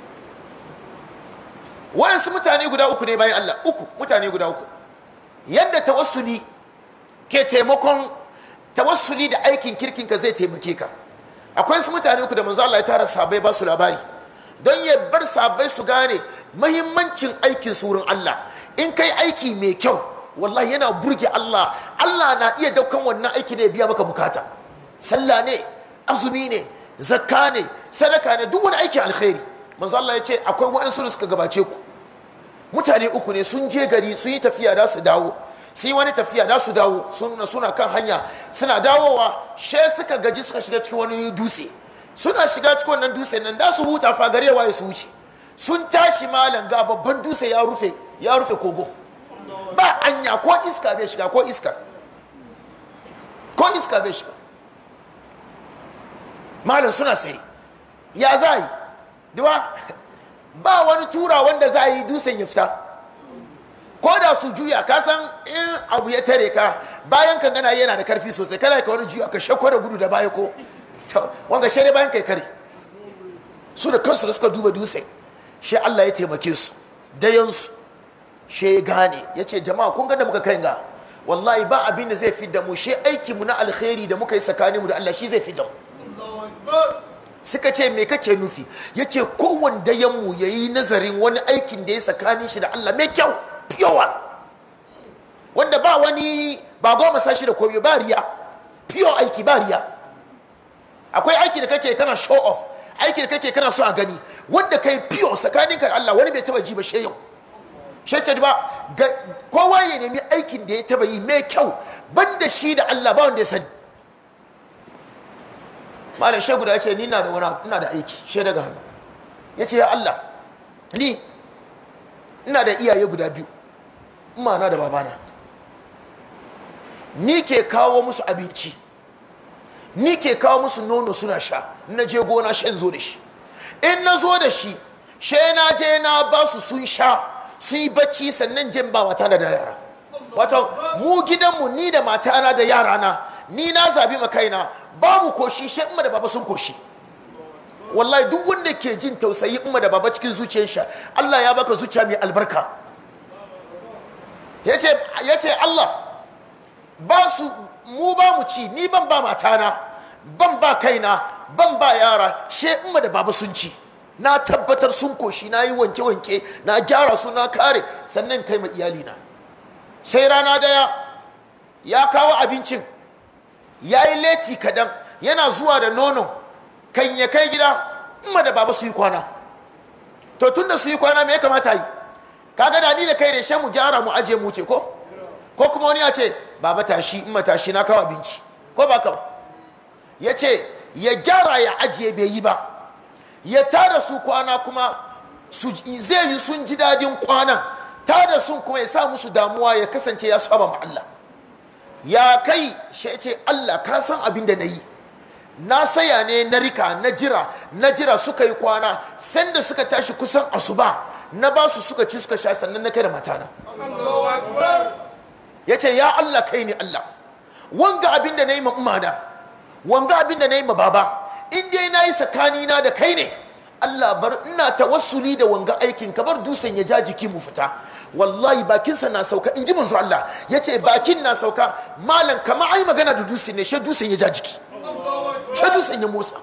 S1: waɗansu mutane guda uku ne bayan Allah uku mutane guda uku yadda tawassuli ke taimakon tawassuli da aikin kirkin ka zai taimake ka akwai su mutane uku da manzo Allah ya tara sabai ba su labari don ya bar sabai su gane mahimmancin aikin surun Allah in kai aiki mai kyau wallahi yana burge Allah Allah na iya daukan wannan aiki da biya maka bukata sallah ne azumi ne zakka ne sadaka ne duk wani aiki alkhairi manzo Allah ya ce akwai wa'ansu da suka gabace ku mutane uku ne sun je gari sun yi tafiya da su dawo sun yi wani tafiya da su dawo suna suna kan hanya suna dawowa she suka gaji suka shiga cikin wani dutse suna shiga cikin wannan dutse nan da su huta fa gare ya su wuce sun tashi malam ga babban dutse ya rufe ya rufe kogo ba anya ko iska bai shiga ko iska ko iska bai shiga malam suna sai ya za yi duba ba wani tura wanda za a yi dusan ya fita ko da su juya ka san in abu ya tare ka bayan kan gana yana da karfi sosai kana ka wani juya ka shakko da gudu da baya ko wanga shi bayan kai kare su da kansu da suka duba dusan shi Allah ya taimake su su shi ya gane ya ce jama'a kun da muka kai ga wallahi ba abin da zai fi da mu shi aiki mu na alkhairi da muka yi tsakaninmu da Allah shi zai fi da mu suka ce me kake nufi ya ce kowanda ya mu ya yi nazarin wani aikin da ya tsakanin shi da Allah mai kyau pure wanda ba wani ba goma sashi da kobe ba riya pure aiki ba riya akwai aiki da kake kana show off aiki da kake kana so a gani wanda kai pure tsakanin ka Allah wani bai taba ji ba she yau she ce ba kowa ya nemi aikin da ya taba yi mai kyau banda shi da Allah ba wanda ya sani malam shehu da ya ce ni na da wani ina da aiki she daga hannu ya ce ya Allah ni ina da iyaye guda biyu na da babana ni ke kawo musu abinci ni ke kawo musu nono suna sha na je gona shan zo da shi in na zo da shi she na je na ba su sun sha sun yi bacci sannan jin ba mata da yara wato mu gidanmu ni da matana da yarana ni na zabi ma kaina babu koshi shi umma da baba sun koshi wallahi duk wanda ke jin tausayi umma da baba cikin zuciyar Allah ya baka zuciya mai albarka yace yace Allah ba su mu ba mu ci ni ban ba na ban ba kaina ban ba yara shi umma da baba sun ci na tabbatar sun koshi na yi wanke-wanke na gyara su na kare sannan kai ma na sai rana daya ya kawo abincin ya yi leti kadan yana zuwa da nono kan ya kai gida ma da baba su yi kwana to tun da su yi kwana me ya kamata yi kaga da ni da kai reshe mu gyara mu aje mu ce ko ko kuma wani ya ce baba tashi in tashi na kawo abinci ko ba ka ba ya ce ya gyara ya ajiye bai yi ba ya tara su kwana kuma su zai yi sun ji dadin kwanan tara sun kuma ya sa musu damuwa ya kasance ya saba ma Allah ya kai shi ce Allah ka san abin da na yi na saya ne na rika na jira na jira suka yi kwana sanda suka tashi kusan asuba na ba su suka ci suka sha sannan na kai da matana ya ce ya Allah kai ne Allah wanga abin da na yi ma umana wanga abin da na yi ma baba in dai na yi na da kai ne Allah bar ina tawassuli da wanga aikin ka bar dusan ya ja jiki mu fita wallahi bakinsa na sauka in ji manzo Allah ya ce bakin na sauka malam kama ai magana da dusin ne she dusin ya ja jiki she dusin ya motsa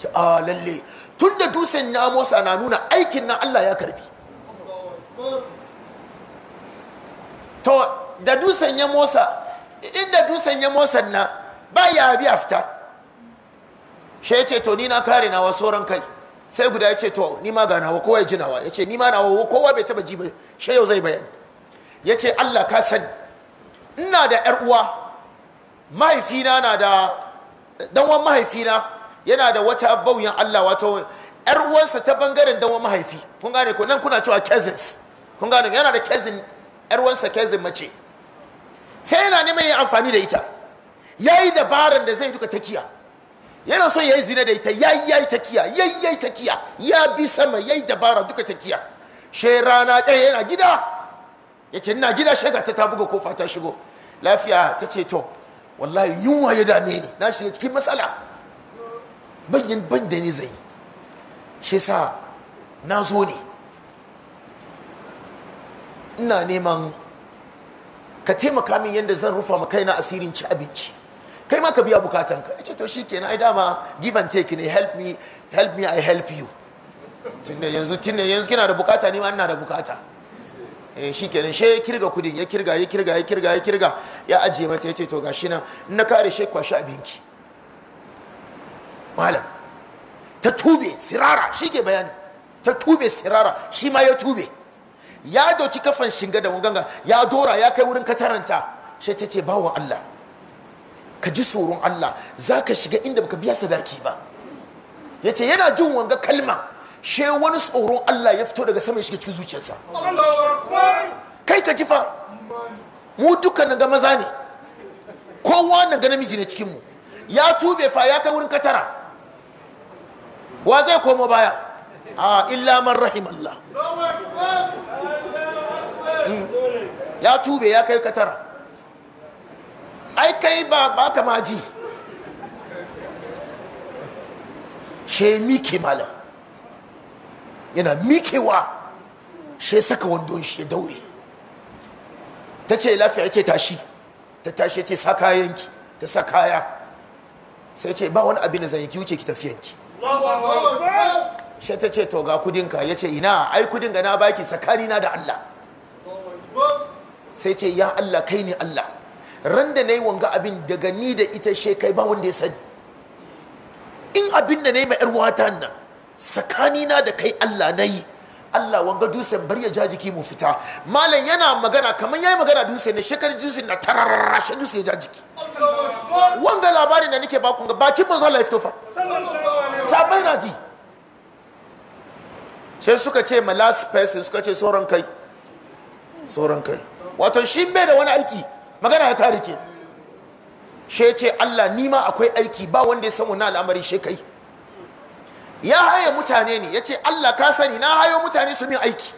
S1: ce a ah, lalle tun da dusin ya motsa na nuna aikin na Allah ya karbi to da dusin ya motsa inda dusin ya motsa na ba ya bi afta she ce to ni na kare na wa sauran kai sai guda ya ce to ni ma ga nawa kowa ya ji nawa ya ce ni ma nawa kowa bai taba ji ba shi yau zai bayani ya ce Allah ka sani ina da yar uwa mahaifina na da danwan mahaifina yana da wata bauyan Allah wato yar uwansa ta bangaren danwan mahaifi kun gane ko nan kuna cewa cousins kun gane yana da cousin yar uwansa cousin mace sai yana neman yin amfani da ita yayi dabaran da zai duka takiya yana son ya yi zina da ita ya yi ta kiya, takiya ya yi ta kiya. ya bi sama ya yi dabara duka takiya she rana ɗaya yana gida ya ce ina gida shaga ta ta buga kofa ta shigo lafiya ta ce to wallahi yunwa ya dame ni na shiga cikin matsala banyan ban da ni zai shi sa na zo ne ina neman ka taimaka min yadda zan rufa ma kaina asirin ci abinci kai ma ka biya bukatan ka ce to shikenan ai dama give and take ne help me help me i help you tunda yanzu tunda yanzu kina da bukata ne ma ina da bukata eh shikenan she kirga kudin ya kirga ya kirga ya kirga ya kirga ya ajiye mata ya ce to gashi nan in na kare she kwashi abinki malam ta tube sirara shi ke bayani ta tube sirara shi ma ya tube ya doki kafan shinga da wanganga ya dora ya kai wurin kataranta shi ta ce bawan Allah ka ji tsoron Allah za ka shiga inda baka biya sadaki ba ya ce yana jin wanga kalma she wani tsoron Allah ya fito daga sama ya shiga cikin zuciyarsa kai ka ji fa mu duka na ga maza ne kowa na ga namiji ne cikinmu ya tube fa ya kai wurin katara wa zai komo baya a illa man rahim Allah hmm. ya tube ya kai katara ai kai ba ba ka ma ji she mike malam yana mikewa she saka wando shi ya daure ta ce lafiya ce tashi ta tashi ce sa kayanki ta sa kaya sai ce ba wani abin da zai ki wuce ki tafiyanki shi ta ce to ga kudinka ya ce ina ai kudin ga na baki tsakani na da Allah sai ce ya Allah kai ne Allah ran da na yi wanga abin daga ni da ita she kai ba wanda ya sani in abin da na yi ma 'yar wata nan tsakanina da kai Allah na yi Allah wanga dusen bar ya ja jiki mu fita malam yana magana kamar yayi magana dusen ne shekar dusen na tararara shi dusen ya ja jiki wanga labarin da nake ku ga bakin manzo Allah ya fito fa sabai na ji sai suka ce ma last person suka ce sauran kai sauran kai wato shi bai da wani aiki magana ya kare ke she ce Allah nima akwai aiki ba wanda ya samu na al'amari she kai ya haye mutane ne ya ce Allah ka sani na hayo mutane su min aiki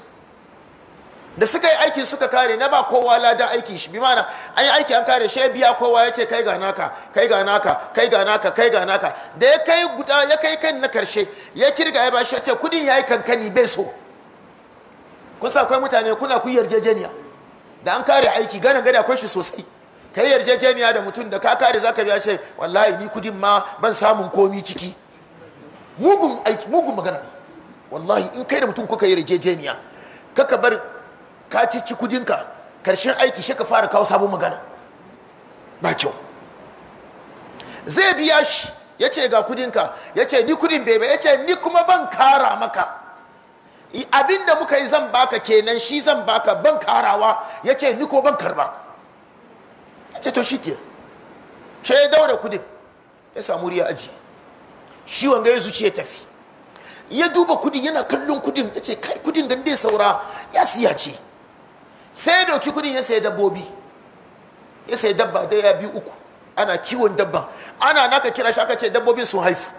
S1: da suka yi aiki suka kare na ba kowa ladan aiki shi bi mana an yi aiki an kare shi biya kowa ya ce kai ga naka kai ga naka kai ga naka kai ga naka da ya kai guda ya kai kan na karshe ya kirga ya bashi ya ce kudin ya yi kankani bai so kusa akwai mutane kuna ku yarjejeniya da an kare aiki gana gada akwai shi sosai ka yi yarjejeniya da mutum da ka kare zaka biya shi wallahi ni kudin ma ban samun komi ciki mugun aiki mugun magana wallahi in kai da mutum kuka yi yarjejeniya kaka bar ka cici kudinka karshen aiki shi ka fara kawo sabon magana ba kyau zai biya shi ya ce ga kudinka ya ce ni kudin bebe ya ce ni kuma ban kara maka abin da muka yi zan baka kenan shi zan baka ban karawa ya ce ni ko ban karba ya ce to shi ke shi ya daura kudin ya samu riya aji shi wanga ya ya tafi ya duba kudin yana kallon kudin ya ce kai kudin da dai saura ya siya ce sai doki kudin ya sayi dabbobi ya sayi dabba da ya bi uku ana kiwon dabba ana naka kira shi aka ce dabbobin sun haifu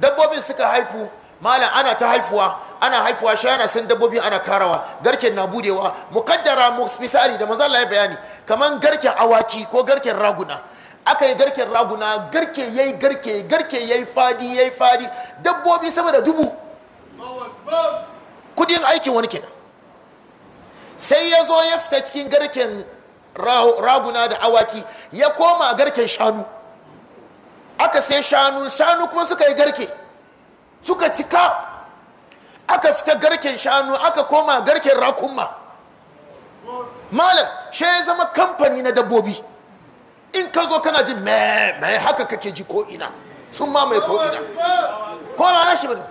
S1: dabbobin suka haifu malam ana ta haifuwa ana haifuwa shayana sun dabbobi ana karawa garken na budewa mukaddara misali da manzo ya bayani kaman garken awaki ko garken raguna aka yi garken raguna garke yayi garke garke yayi fadi yayi fadi dabbobi sama da dubu kudin aikin wani kenan sai ya zo ya fita cikin garken raguna da awaki ya koma garken shanu aka sai shanu shanu kuma suka yi garke suka cika aka fita garken shanu aka koma garken rakunma malam shi ya zama kamfani na dabbobi in ka zo kana jin mai haka kake ji ko'ina sun mamaye ko'ina ko na shi bane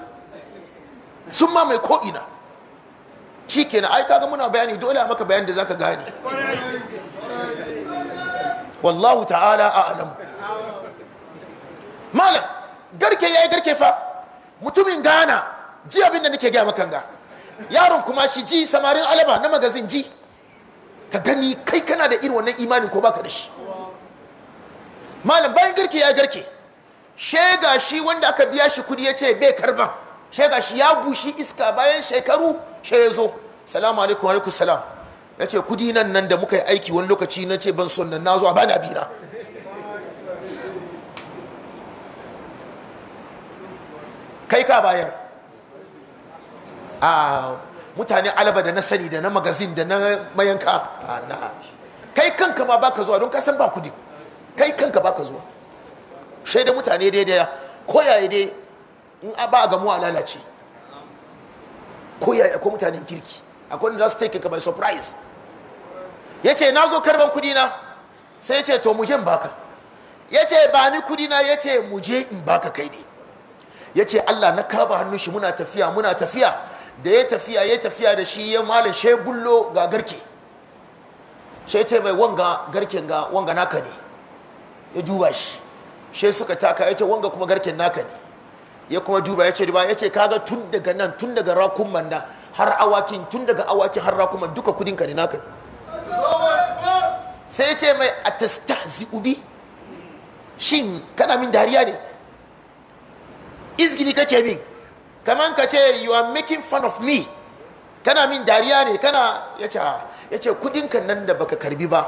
S1: sun mamaye ko'ina shi kenan ai kaga muna bayani dole a maka bayani da zaka gane wallahu ta'ala a alamu malam garke yi garke fa mutumin ghana ji abin da nake gaya maka ga yaron kuma shi ji samarin alaba na magazin ji ka gani kai kana da irin wannan imanin ko baka da shi malam bayan girki ya girki shega shi wanda aka biya shi kudi ya ce bai karban shega shi ya bushi iska bayan shekaru shi ya zo salamu alaikum alaikum salam ya ce kudi nan nan da muka yi aiki wani lokaci na ce ban son nan na zo a bana bina kai ka bayar a ah, mutane alaba da na sani da na magazin da na mayanka na kai kanka ma baka zuwa don ka san ba kudi kai kanka baka zuwa da mutane dai-dai koyaye dai in a ba gamu a lalace Koyaye, akwai mutanen kirki akwai wanda za su take ka by surprise ya ce na zo karban kudi na sai ya ce to mu je in baka ya ce ba ni kudi na ya ce mu je in baka kai ne ya ce Allah na kaba hannun shi muna tafiya muna tafiya da ya tafiya ya tafiya da shi ya malin shi bullo ga garke shi ce mai wanga garken ga wanga naka ne ya duba shi shi suka taka ya ce wanga kuma garken naka ne ya kuma duba ya ce duba ya ce kaga tun daga nan tun daga rakun manda har awakin tun daga awakin har manda duka kudin ka ne naka sai ya ce mai atastahzi ubi shin kana min dariya ne izgili kake min kamar ka ce you are making fun of me kana min dariya ne kana ya ce kudin nan da baka karbi ba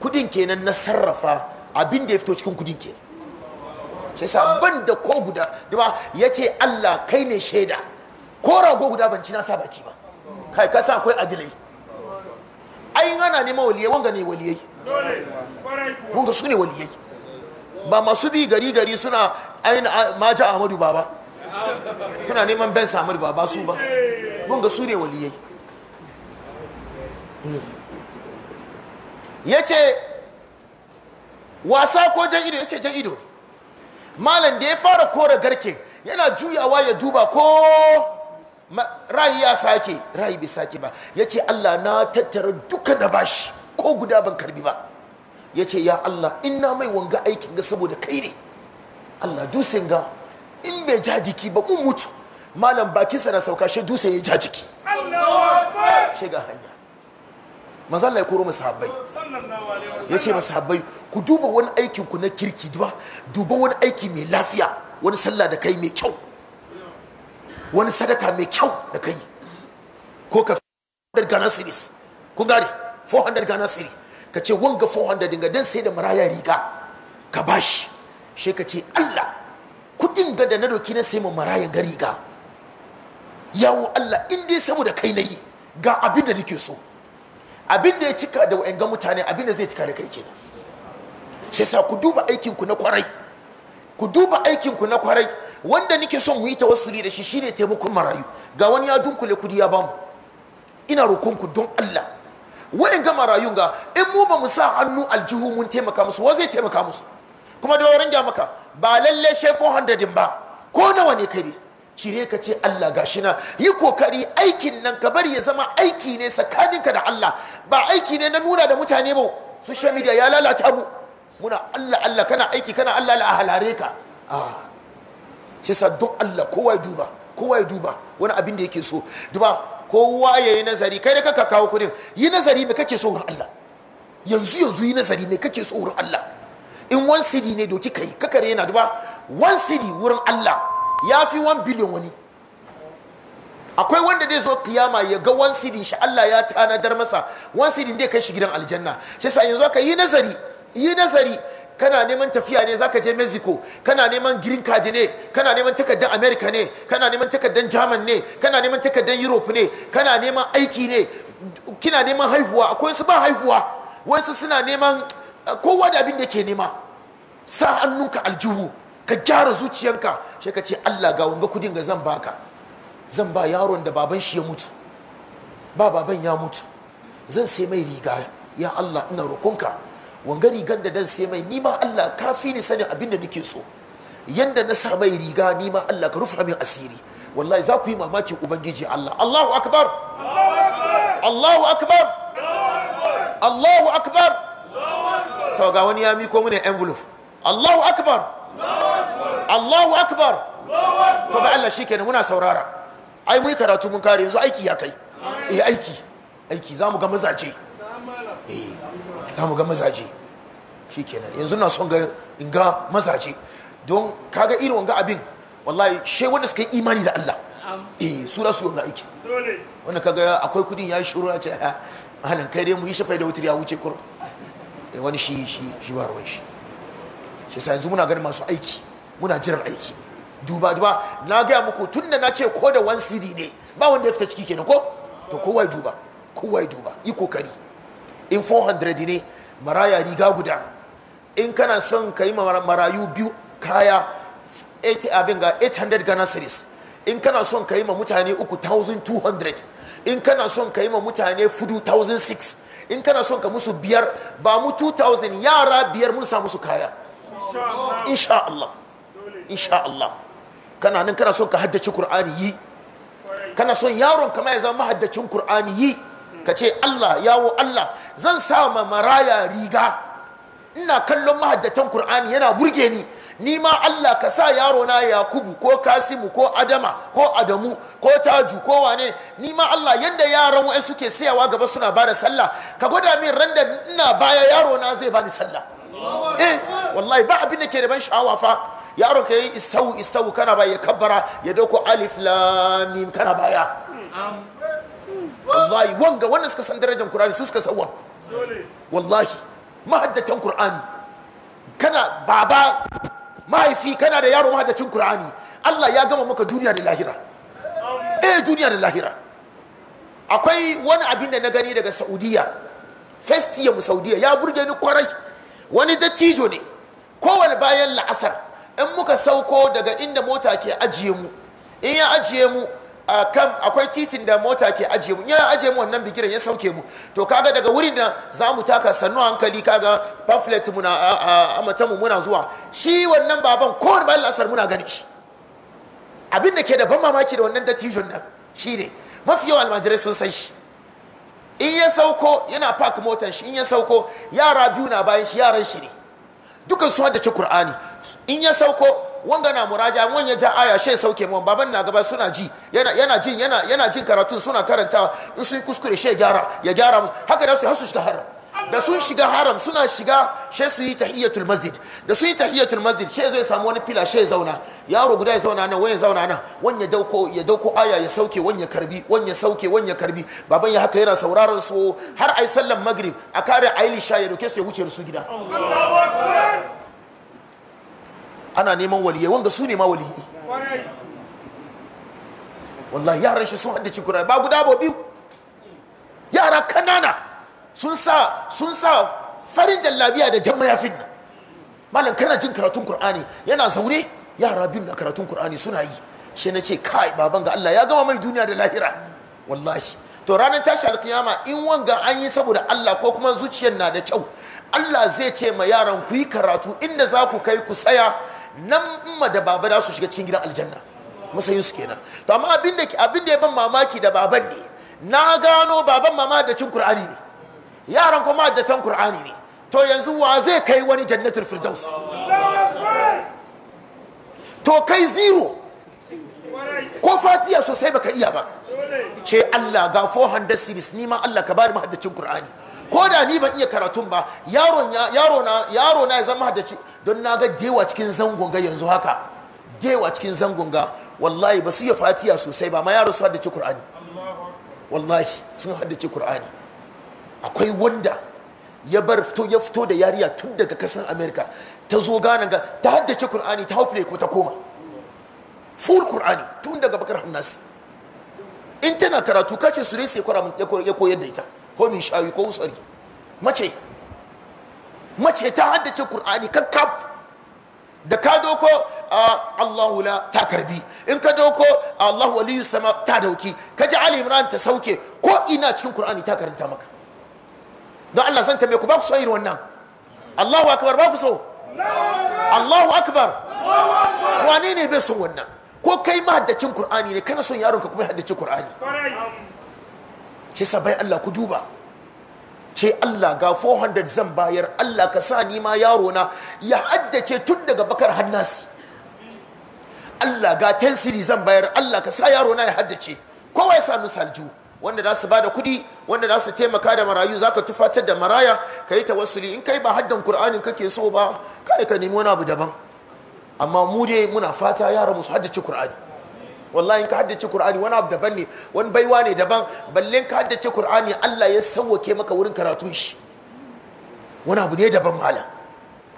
S1: kudin kenan na sarrafa abin da ya fito cikin kudin kenan shi yasa ban da ko guda da yace Allah kai ne shaida ko rago guda ban ci na sa baki ba kai ka sa akwai adilai ai in ana neman waliyai wanga ne waliyai wanga su ne waliyai ba masu bi gari gari suna aina ma ji ahmadu baba suna neman ben ba baba su ba mun su ne waliyai hmm. ce wasa ko jan ido ya ce jan ido malam da ya fara kore garke yana juyawa ya duba ko rayu ya sake rayu bai sake ba ya ce Allah na tattara duka da bashi ko guda ban karbi ba ya ce ya Allah ina mai wanga aikin ga saboda kai ne Allah dusin ga in bai ja jiki ba mu mutu malam bakinsa na sauka shi dusin ya ja jiki shi ga hanya manzo Allah ya koro masahabbai ya ce masahabbai ku duba wani aikin ku na kirki duba duba wani aiki mai lafiya wani sallah da kai mai kyau wani sadaka mai kyau da kai ko ka 400 Ghana cedis ku gane 400 Ghana cedis ka ce wanga 400 dinga dan sai da maraya riga ka bashi shi ka ce Allah kudin ga da na doki na sai mu maraya gari ga yawo Allah in dai saboda kai na yi ga abin da nake so abin da ya cika da wa'anga mutane abin da zai cika da kai ke sai sa ku duba aikin ku na kwarai ku duba aikin ku na kwarai wanda nake son mu yi ta wasu da shi shine taimakon marayu ga wani ya dunkule kudi ya bamu ina roƙon ku don Allah ga marayun ga in mu ba mu sa hannu aljihu mun taimaka musu wa zai taimaka musu kuma da wurin maka ba lalle she 400 ba ko nawa ne kai cire ka ce Allah gashi na yi kokari aikin nan ka bari ya zama aiki ne tsakaninka da Allah ba aiki ne na nuna da mutane ba social media ya lalata mu muna Allah Allah kana aiki kana Allah la halare ka ah shi sa duk Allah kowa ya duba kowa ya duba wani abin da yake so duba kowa ya yi nazari kai da kaka kawo kudin yi nazari me kake so wurin Allah yanzu yanzu yi nazari me kake so wurin Allah in one city ne doki kai kakare yana duba one city wurin Allah ya fi one billion wani akwai wanda zai zo kiyama ya ga one city shi Allah ya tanadar masa one cedi zai kai shi gidan aljanna shi yanzu ka yi nazari yi nazari kana neman tafiya ne zaka je mexico kana neman green card ne kana neman takardar america ne kana neman takardar german ne kana neman takardar europe ne kana neman aiki ne kina neman haihuwa akwai su ba haihuwa wasu suna neman kowa da abin da ke nema sa hannunka aljihu ka gyara zuciyanka shi ka ce Allah ga wanga kudin ga zan baka zan ba yaron da baban shi ya mutu ba baban ya mutu zan sai mai riga ya Allah ina rukunka wanga rigar da dan sai mai ni ma Allah kafi ni sanin abin da nake so yanda na sa mai riga ni ma Allah ka rufa min asiri wallahi za ku yi mamakin ubangiji Allah Allahu akbar Allahu akbar Allahu akbar Allahu akbar to ga wani ya miko mune envelope Allahu akbar Allahu akbar to ga Allah shikenan muna saurara ai mu karatu mun kare yanzu aiki ya kai eh aiki aiki za mu ga mazaje eh za mu ga mazaje shikenan yanzu na son ga in ga mazaje don kaga irin wanga abin wallahi she wanda suka yi imani da Allah eh sura su wanga aiki dole wanda kaga akwai kudin yayi shuru ya ce halin kai dai mu yi shafai da wutar ya wuce kurum Eh, wani shi shi shi ba ruwan shi shi sa yanzu muna ganin masu aiki muna jiran aiki duba duba na gaya muku tun da na ce ko da wani cd ne ba wanda ya fita ciki kenan ko to kowa ya duba kowa ya duba yi kokari in 400 ne maraya riga guda in kana son ka yi marayu biyu kaya 80 abin ga 800 Ghana series in kana son ka yi ma mutane uku 1200 in kana son ka yi ma mutane fudu 1006 in kana son ka musu biyar ba mu 2000 yara biyar mun sa musu kaya insha Allah insha Allah kana nan kana son ka haddace Qur'ani yi kana son yaron kama ya zama haddacin Qur'ani yi ka ce Allah yawo Allah zan sa ma maraya riga ina kallon mahaddatan Qur'ani yana burge ni ni ma Allah ka sa yaro na Yakubu ko Kasimu ko Adama ko Adamu ko Taju ko wane ni ma Allah yanda yaran wa'in suke siyawa gaba suna bada sallah ka gwada min randa ina baya yaro na zai bani sallah eh wallahi ba abin da ke da ban sha'awa fa yaron ka yi istawu istawu kana baya ya kabbara ya dauko alif lam mim kana baya wallahi wanga wannan suka san darajar Qur'ani su suka sauwa wallahi mahaddatan Qur'ani kana baba mahaifi kana da yaro mahadacin Kur'ani Allah ya gama maka duniya da lahira e duniya da lahira akwai wani abin da na gani daga Saudiya first year mu Saudiya ya burge ni kwarai wani dattijo ne kowane bayan la'asar in muka sauko daga inda mota ke ajiye mu in ya ajiye mu a kan akwai titin da mota ke ajiye mu ya ajiye mu wannan bigiren ya sauke mu to kaga daga wurin da za mu taka sannu hankali kaga pamphlet muna amata mu muna zuwa shi wannan baban kowane bayan lasar muna gani shi abin da ke da ban mamaki da wannan dattijon nan shi ne mafi yawan almajirai sun san shi in ya sauko yana park motar shi in ya sauko yara biyu na bayan shi yaran shi ne dukan su ci kur'ani in ya sauko wanga na muraja wani ya ja aya shai sauke mun baban na gaba suna ji yana jin yana jin karatun suna karanta, in sun kuskure shai gyara ya gyara musu haka da su har su shiga haram da sun shiga haram suna shiga shai su yi tahiyatul masjid da sun yi tahiyatul masjid shai zai samu wani fila shai zauna yaro guda ya zauna nan wani ya zauna nan wani ya dauko ya dauko aya ya sauke wani ya karbi wani ya sauke wani ya karbi baban ya haka yana sauraron su har ai sallan maghrib a kare aili sha ya doke su ya wuce su gida
S3: Allahu akbar
S1: ana neman waliyai wanga su ne ma wallahi yaran shi sun haddace kurani ba guda ba biyu yara kanana sun sa sun sa farin jallabiya da jan mayafin nan malam kana jin karatun kur'ani yana zaune yara biyu na karatun kur'ani suna yi shi na ce kai baban ga Allah ya gama mai duniya da lahira wallahi to ranar tashi alkiyama in wanga an yi saboda Allah ko kuma zuciyar na da kyau Allah zai ce ma yaran ku yi karatu inda za ku kai ku tsaya nan umma da baba za su shiga cikin gidan aljanna masayin kenan to amma abin da abin da ya ban mamaki da baban ne na gano baban mama da cin qur'ani ne yaran kuma da tan qur'ani ne to yanzu wa zai kai wani jannatul firdaus to kai zero ko fatiya sosai baka iya ba ce Allah ga 400 series ni ma Allah ka bari mahaddacin Qur'ani ko da ni ban iya karatun ba yaro na yaro na ya zama haddaci don na ga dewa cikin zangon ga yanzu haka dewa cikin zangon ga wallahi ba su fatiya sosai ba ma yaro su haddace Qur'ani wallahi sun haddace Qur'ani akwai wanda ya bar fito ya fito da yariya tun daga kasan America ta zo gana ga ta haddace Qur'ani ta hau ko ta koma full qur'ani tun daga bakar hamnas in tana karatu kace su ne sai ya koyar da ita ko min shawi ko usari mace mace ta haddace qur'ani kakkaf da ka doko Allahu la ta karbi in ka doko Allahu waliyu sama ta dauki ka ji Ali Imran ta sauke ko ina cikin Qur'ani ta karanta maka don Allah zan tambaye ku ba ku so irin wannan Allahu akbar ba ku so Allahu akbar wane ne bai so wannan ko kai mahaddacin Kur'ani ne kana son yaronka kuma ya haddace Kur'ani shi bai Allah ku duba ce Allah ga 400 zan bayar Allah ka sa ni ma yaro na ya haddace tun daga bakar hannasi Allah ga 10 siri zan bayar Allah ka sa yaro na ya haddace kowa ya sami salju wanda za su bada kudi wanda za su taimaka da marayu zaka tufatar da maraya ka yi tawassuli in kai ba haddan Kur'anin kake so ba kai ka nemi wani abu daban amma mu dai muna fata yaran su haddace Qur'ani wallahi in ka haddace Qur'ani wani abu daban ne wani baiwa ne daban balle ka haddace Qur'ani Allah ya sauwake maka wurin karatun shi wani abu ne daban malam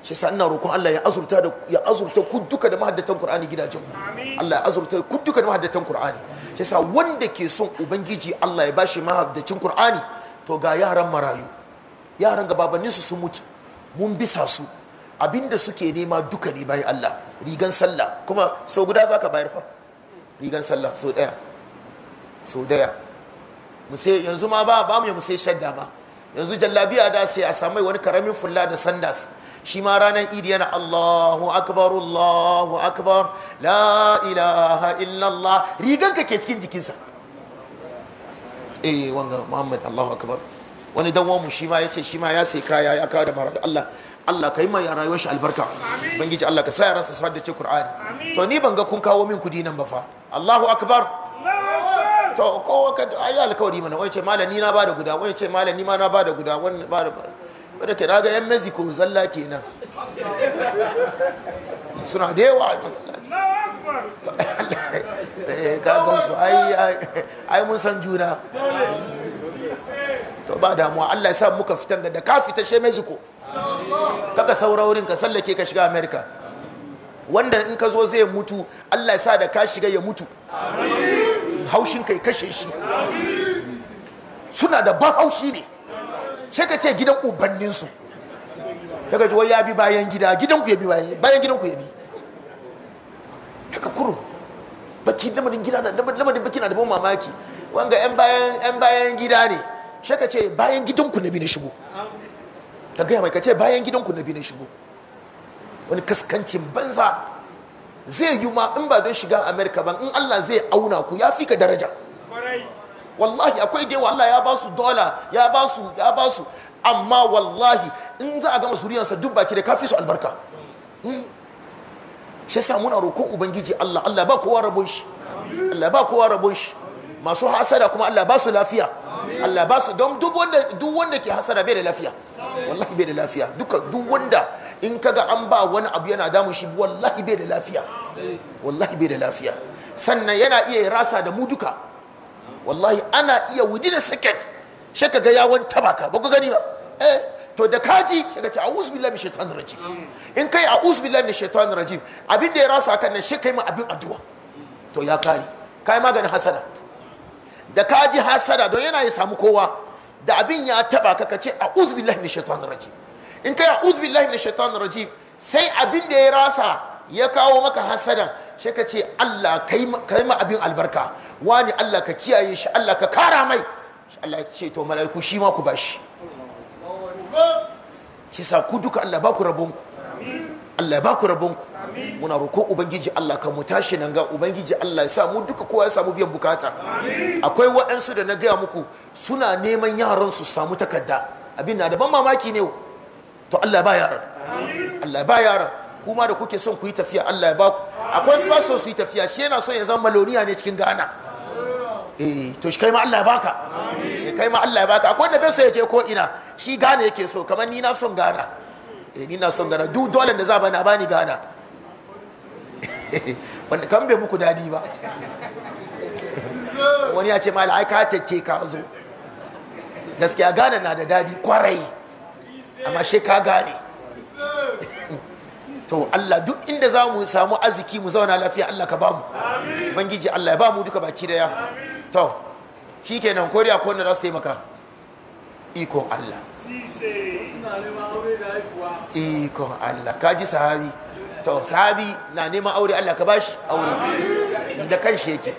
S1: shi yasa ina roƙon Allah ya azurta da ya azurta ku duka da mahaddatan Qur'ani gidajen mu Allah ya azurta ku duka da mahaddatan Qur'ani shi yasa wanda ke son ubangiji Allah ya bashi mahaddacin Qur'ani to ga yaran marayu yaran gababannin su sun mutu mun bisa su abinda suke nema duka ne bayan Allah rigan sallah kuma so guda za ka bayar fa rigan sallah so daya so daya yanzu ma ba ba mu mu sai shadda ba yanzu jallabiya da sai a samu wani karamin fulla da sandas shi ma ranar idi yana Allahu akbar Allahu akbar la ilaha illallah rigan ka ke cikin jikinsa eh wanga Muhammad Allahu akbar wani dan mu shi ma yace shi ma ya sai kaya ya kawo da mara Allah Allah ka yi ma rayuwar shi albarka bangiji Allah ka sa yara su haddace Qur'ani to ni ban ga kun kawo min kudi nan ba fa Allahu akbar to ko ka ayi alkawari mana wai ce malami na bada guda wai ce malami ma na bada guda wani bada ke daga yan Mexico zalla kenan suna da yawa eh, ka ga su ai ai mun san juna to ba damuwa Allah ya sa muka fitan da ka fita she Mexico kaka saurawurin ka sallake ka shiga America wanda in ka zo zai mutu Allah ya sa da ka shiga ya mutu haushin kai kashe shi suna da ban haushi ne she ka ce gidan su kaga ji wai ya bi bayan gida gidan ku ya bi bayan gidan ku ya bi haka kuro baki lamarin gida na lamarin baki na da ban mamaki wanga yan bayan yan bayan gida ne shi ka ce bayan gidanku na bi na shigo ka gaya mai ka ce bayan gidanku na bi na shigo wani kaskancin banza zai yi ma in ba don shiga amerika ba in allah zai auna ku ya fi ka daraja wallahi akwai da yawa allah ya ba su dola ya ba su ya ba su amma wallahi in za a gama zuriyarsa duk baki da kafi su albarka hmm. shi yasa muna roƙon ubangiji allah allah ba kowa rabon shi allah ba kowa rabon shi masu hasada kuma Allah ba su lafiya Allah ba su don duk wanda duk wanda ke hasada bai da lafiya wallahi bai da lafiya duka duk wanda in kaga an ba wani abu yana damun shi wallahi bai da lafiya wallahi bai da lafiya sannan yana iya rasa da mu duka wallahi ana iya within a second shi ga yawon tabaka ba ku gani ba eh to da kaji shi ka ce a'udhu billahi minash shaitanir rajim in kai a'udhu billahi minash shaitanir rajim abin da ya rasa kan nan shi kai ma abin addu'a to ya kare kai maganin hasada da ka ji hasada don yana ya samu kowa da abin ya taba ka kace a'udhu billahi minash shaitanir rajim in kai a'udhu billahi minash shaitanir rajim sai abin da ya rasa ya kawo maka hasadan sai ka ce Allah kai ma abin albarka wani Allah ka kiyaye shi Allah ka kara mai Allah ya ce to mala'iku shi ma ku bashi shi sa ku duka Allah ba ku rabonku Allah ba ku rabonku muna roko ubangiji Allah ka mu tashi nan ga ubangiji Allah ya sa mu duka kowa ya samu biyan bukata akwai waɗansu da na gaya muku suna neman yaran su samu takarda abin na da ban mamaki ne to Allah ba yaran Allah ba yaran kuma da kuke son ku yi tafiya Allah ya ba ku akwai su ba so su yi tafiya shi yana son ya zama maloniya ne cikin Ghana eh to shi kai ma Allah ya baka eh, kai ma Allah ya baka akwai da bai so ya je ko ina shi Ghana yake so kamar ni na son Ghana eh ni na son Ghana duk dole da za bana bani Ghana wanda kan bai muku dadi ba wani ya ce mala ai ka tacce ka zo gaskiya gane na da dadi kwarai amma shi ka gane to Allah duk inda za mu samu arziki mu zauna lafiya Allah ka bamu bangiji Allah ya bamu duka baki daya to shi kenan koriya ko wanda za su taimaka ikon Allah ikon Allah kaji sahabi to sahabi na neman aure Allah ka bashi aure da kan shi yake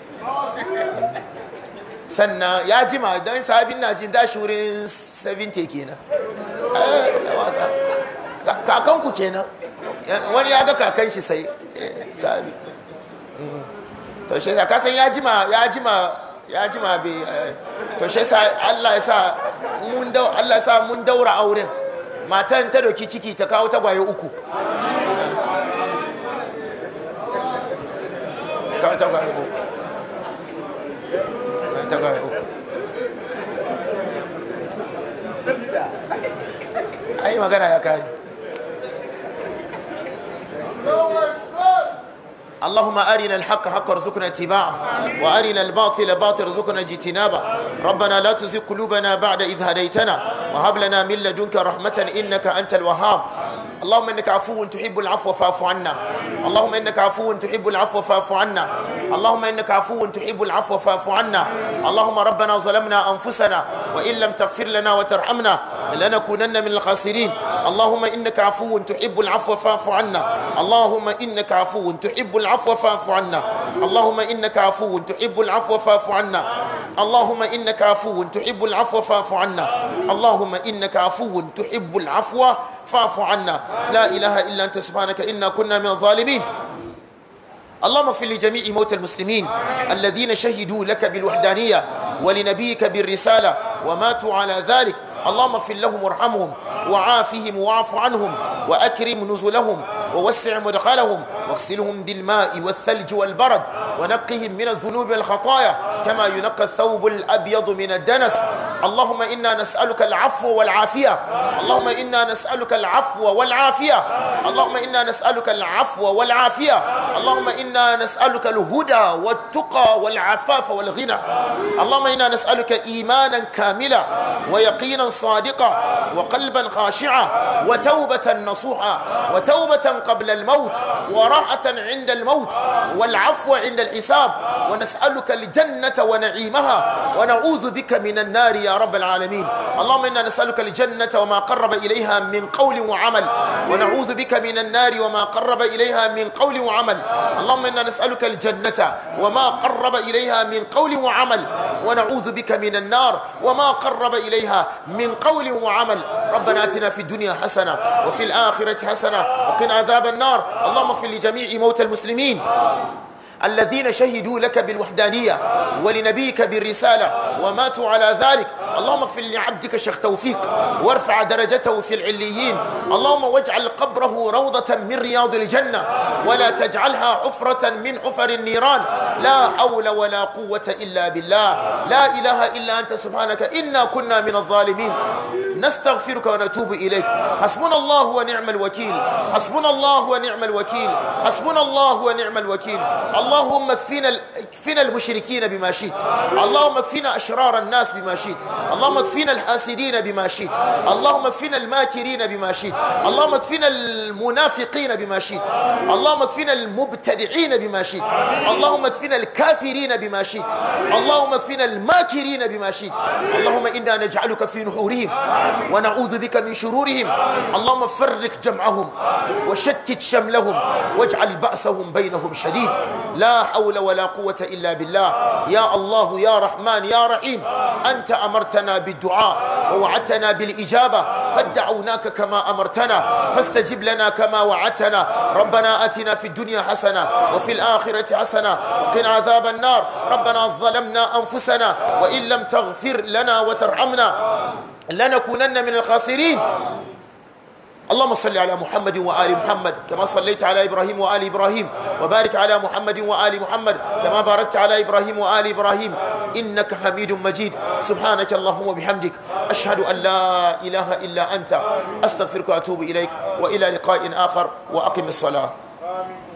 S1: sannan ya jima don sahabi na jin dashi wurin 70 kenan kakanku kenan wani ya ga kakan shi sai eh, sahabi to shi ya kasan ya jima ya jima ya jima bai eh, to shi sa Allah ya sa mun Allah ya sa mun daura auren matan ta doki ciki ta kawo tagwaye uku Kami tahu kami buku. Kami tahu kami buku. Ai magana ya kare. اللهم أرنا الحق حق ارزقنا اتباعه وأرنا الباطل باطل ارزقنا اجتنابه ربنا لا تزغ قلوبنا بعد إذ هديتنا وهب لنا من لدنك رحمة إنك أنت الوهاب اللهم إنك عفو تحب العفو فاعف عنا اللهم انك عفو تحب العفو فاعف عنا اللهم انك عفو تحب العفو فاعف عنا اللهم ربنا ظلمنا انفسنا وان لم تغفر لنا وترحمنا لنكونن من الخاسرين اللهم انك عفو تحب العفو فاعف عنا اللهم انك عفو تحب العفو فاعف عنا اللهم انك عفو تحب العفو فاعف عنا اللهم إنك عفو تحب العفو فاعف عنا اللهم إنك عفو تحب العفو فاعف عنا لا إله إلا أنت سبحانك إنا كنا من الظالمين اللهم اغفر لجميع موتى المسلمين الذين شهدوا لك بالوحدانية ولنبيك بالرسالة وماتوا على ذلك اللهم اغفر لهم وارحمهم وعافهم واعف عنهم وأكرم نزلهم ووسع مدخلهم واغسلهم بالماء والثلج والبرد ونقهم من الذنوب والخطايا كما ينقى الثوب الأبيض من الدنس اللهم إنا نسألك العفو والعافية اللهم إنا نسألك العفو والعافية اللهم إنا نسألك العفو والعافية اللهم إنا نسألك الهدى والتقى والعفاف والغنى اللهم إنا نسألك إيمانا كاملا ويقينا صادقا وقلبا خاشعا وتوبة نصوحا وتوبة قبل الموت وراحة عند الموت والعفو عند الحساب ونسألك الجنة ونعيمها ونعوذ بك من النار يا يا رب العالمين اللهم إنا نسألك الجنة وما قرب إليها من قول وعمل ونعوذ بك من النار وما قرب إليها من قول وعمل اللهم إنا نسألك الجنة وما قرب إليها من قول وعمل ونعوذ بك من النار وما قرب إليها من قول وعمل ربنا آتنا في الدنيا حسنة وفي الآخرة حسنة وقنا عذاب النار اللهم اغفر لجميع موتى المسلمين الذين شهدوا لك بالوحدانية ولنبيك بالرسالة وماتوا على ذلك اللهم اغفر لعبدك شيخ توفيق وارفع درجته في العليين اللهم واجعل قبره روضة من رياض الجنة ولا تجعلها حفرة من حفر النيران لا حول ولا قوة إلا بالله لا إله إلا أنت سبحانك إنا كنا من الظالمين نستغفرك ونتوب إليك حسبنا الله ونعم الوكيل حسبنا الله ونعم الوكيل حسبنا الله ونعم الوكيل اللهم اكفنا اكفنا المشركين بما شئت اللهم اكفنا أشرار الناس بما شئت اللهم اكفنا الحاسدين بما شئت اللهم اكفنا الماكرين بما شئت اللهم اكفنا المنافقين بما شئت اللهم اكفنا المبتدعين بما شئت اللهم اكفنا الكافرين بما شئت اللهم اكفنا الماكرين بما شئت اللهم إنا نجعلك في نحورهم ونعوذ بك من شرورهم اللهم فرق جمعهم وشتت شملهم واجعل بأسهم بينهم شديد لا حول ولا قوة إلا بالله يا الله يا رحمن يا رحيم أنت أمرتنا بالدعاء ووعدتنا بالإجابة قد دعوناك كما أمرتنا فاستجب لنا كما وعدتنا ربنا أتنا في الدنيا حسنة وفي الآخرة حسنة وقنا عذاب النار ربنا ظلمنا أنفسنا وإن لم تغفر لنا وترحمنا لنكونن من الخاسرين اللهم صل على محمد وآل محمد كما صليت على إبراهيم وآل إبراهيم وبارك على محمد وآل محمد كما باركت على إبراهيم وآل إبراهيم إنك حميد مجيد سبحانك اللهم وبحمدك أشهد أن لا إله إلا أنت أستغفرك وأتوب إليك وإلى لقاء آخر وأقم الصلاة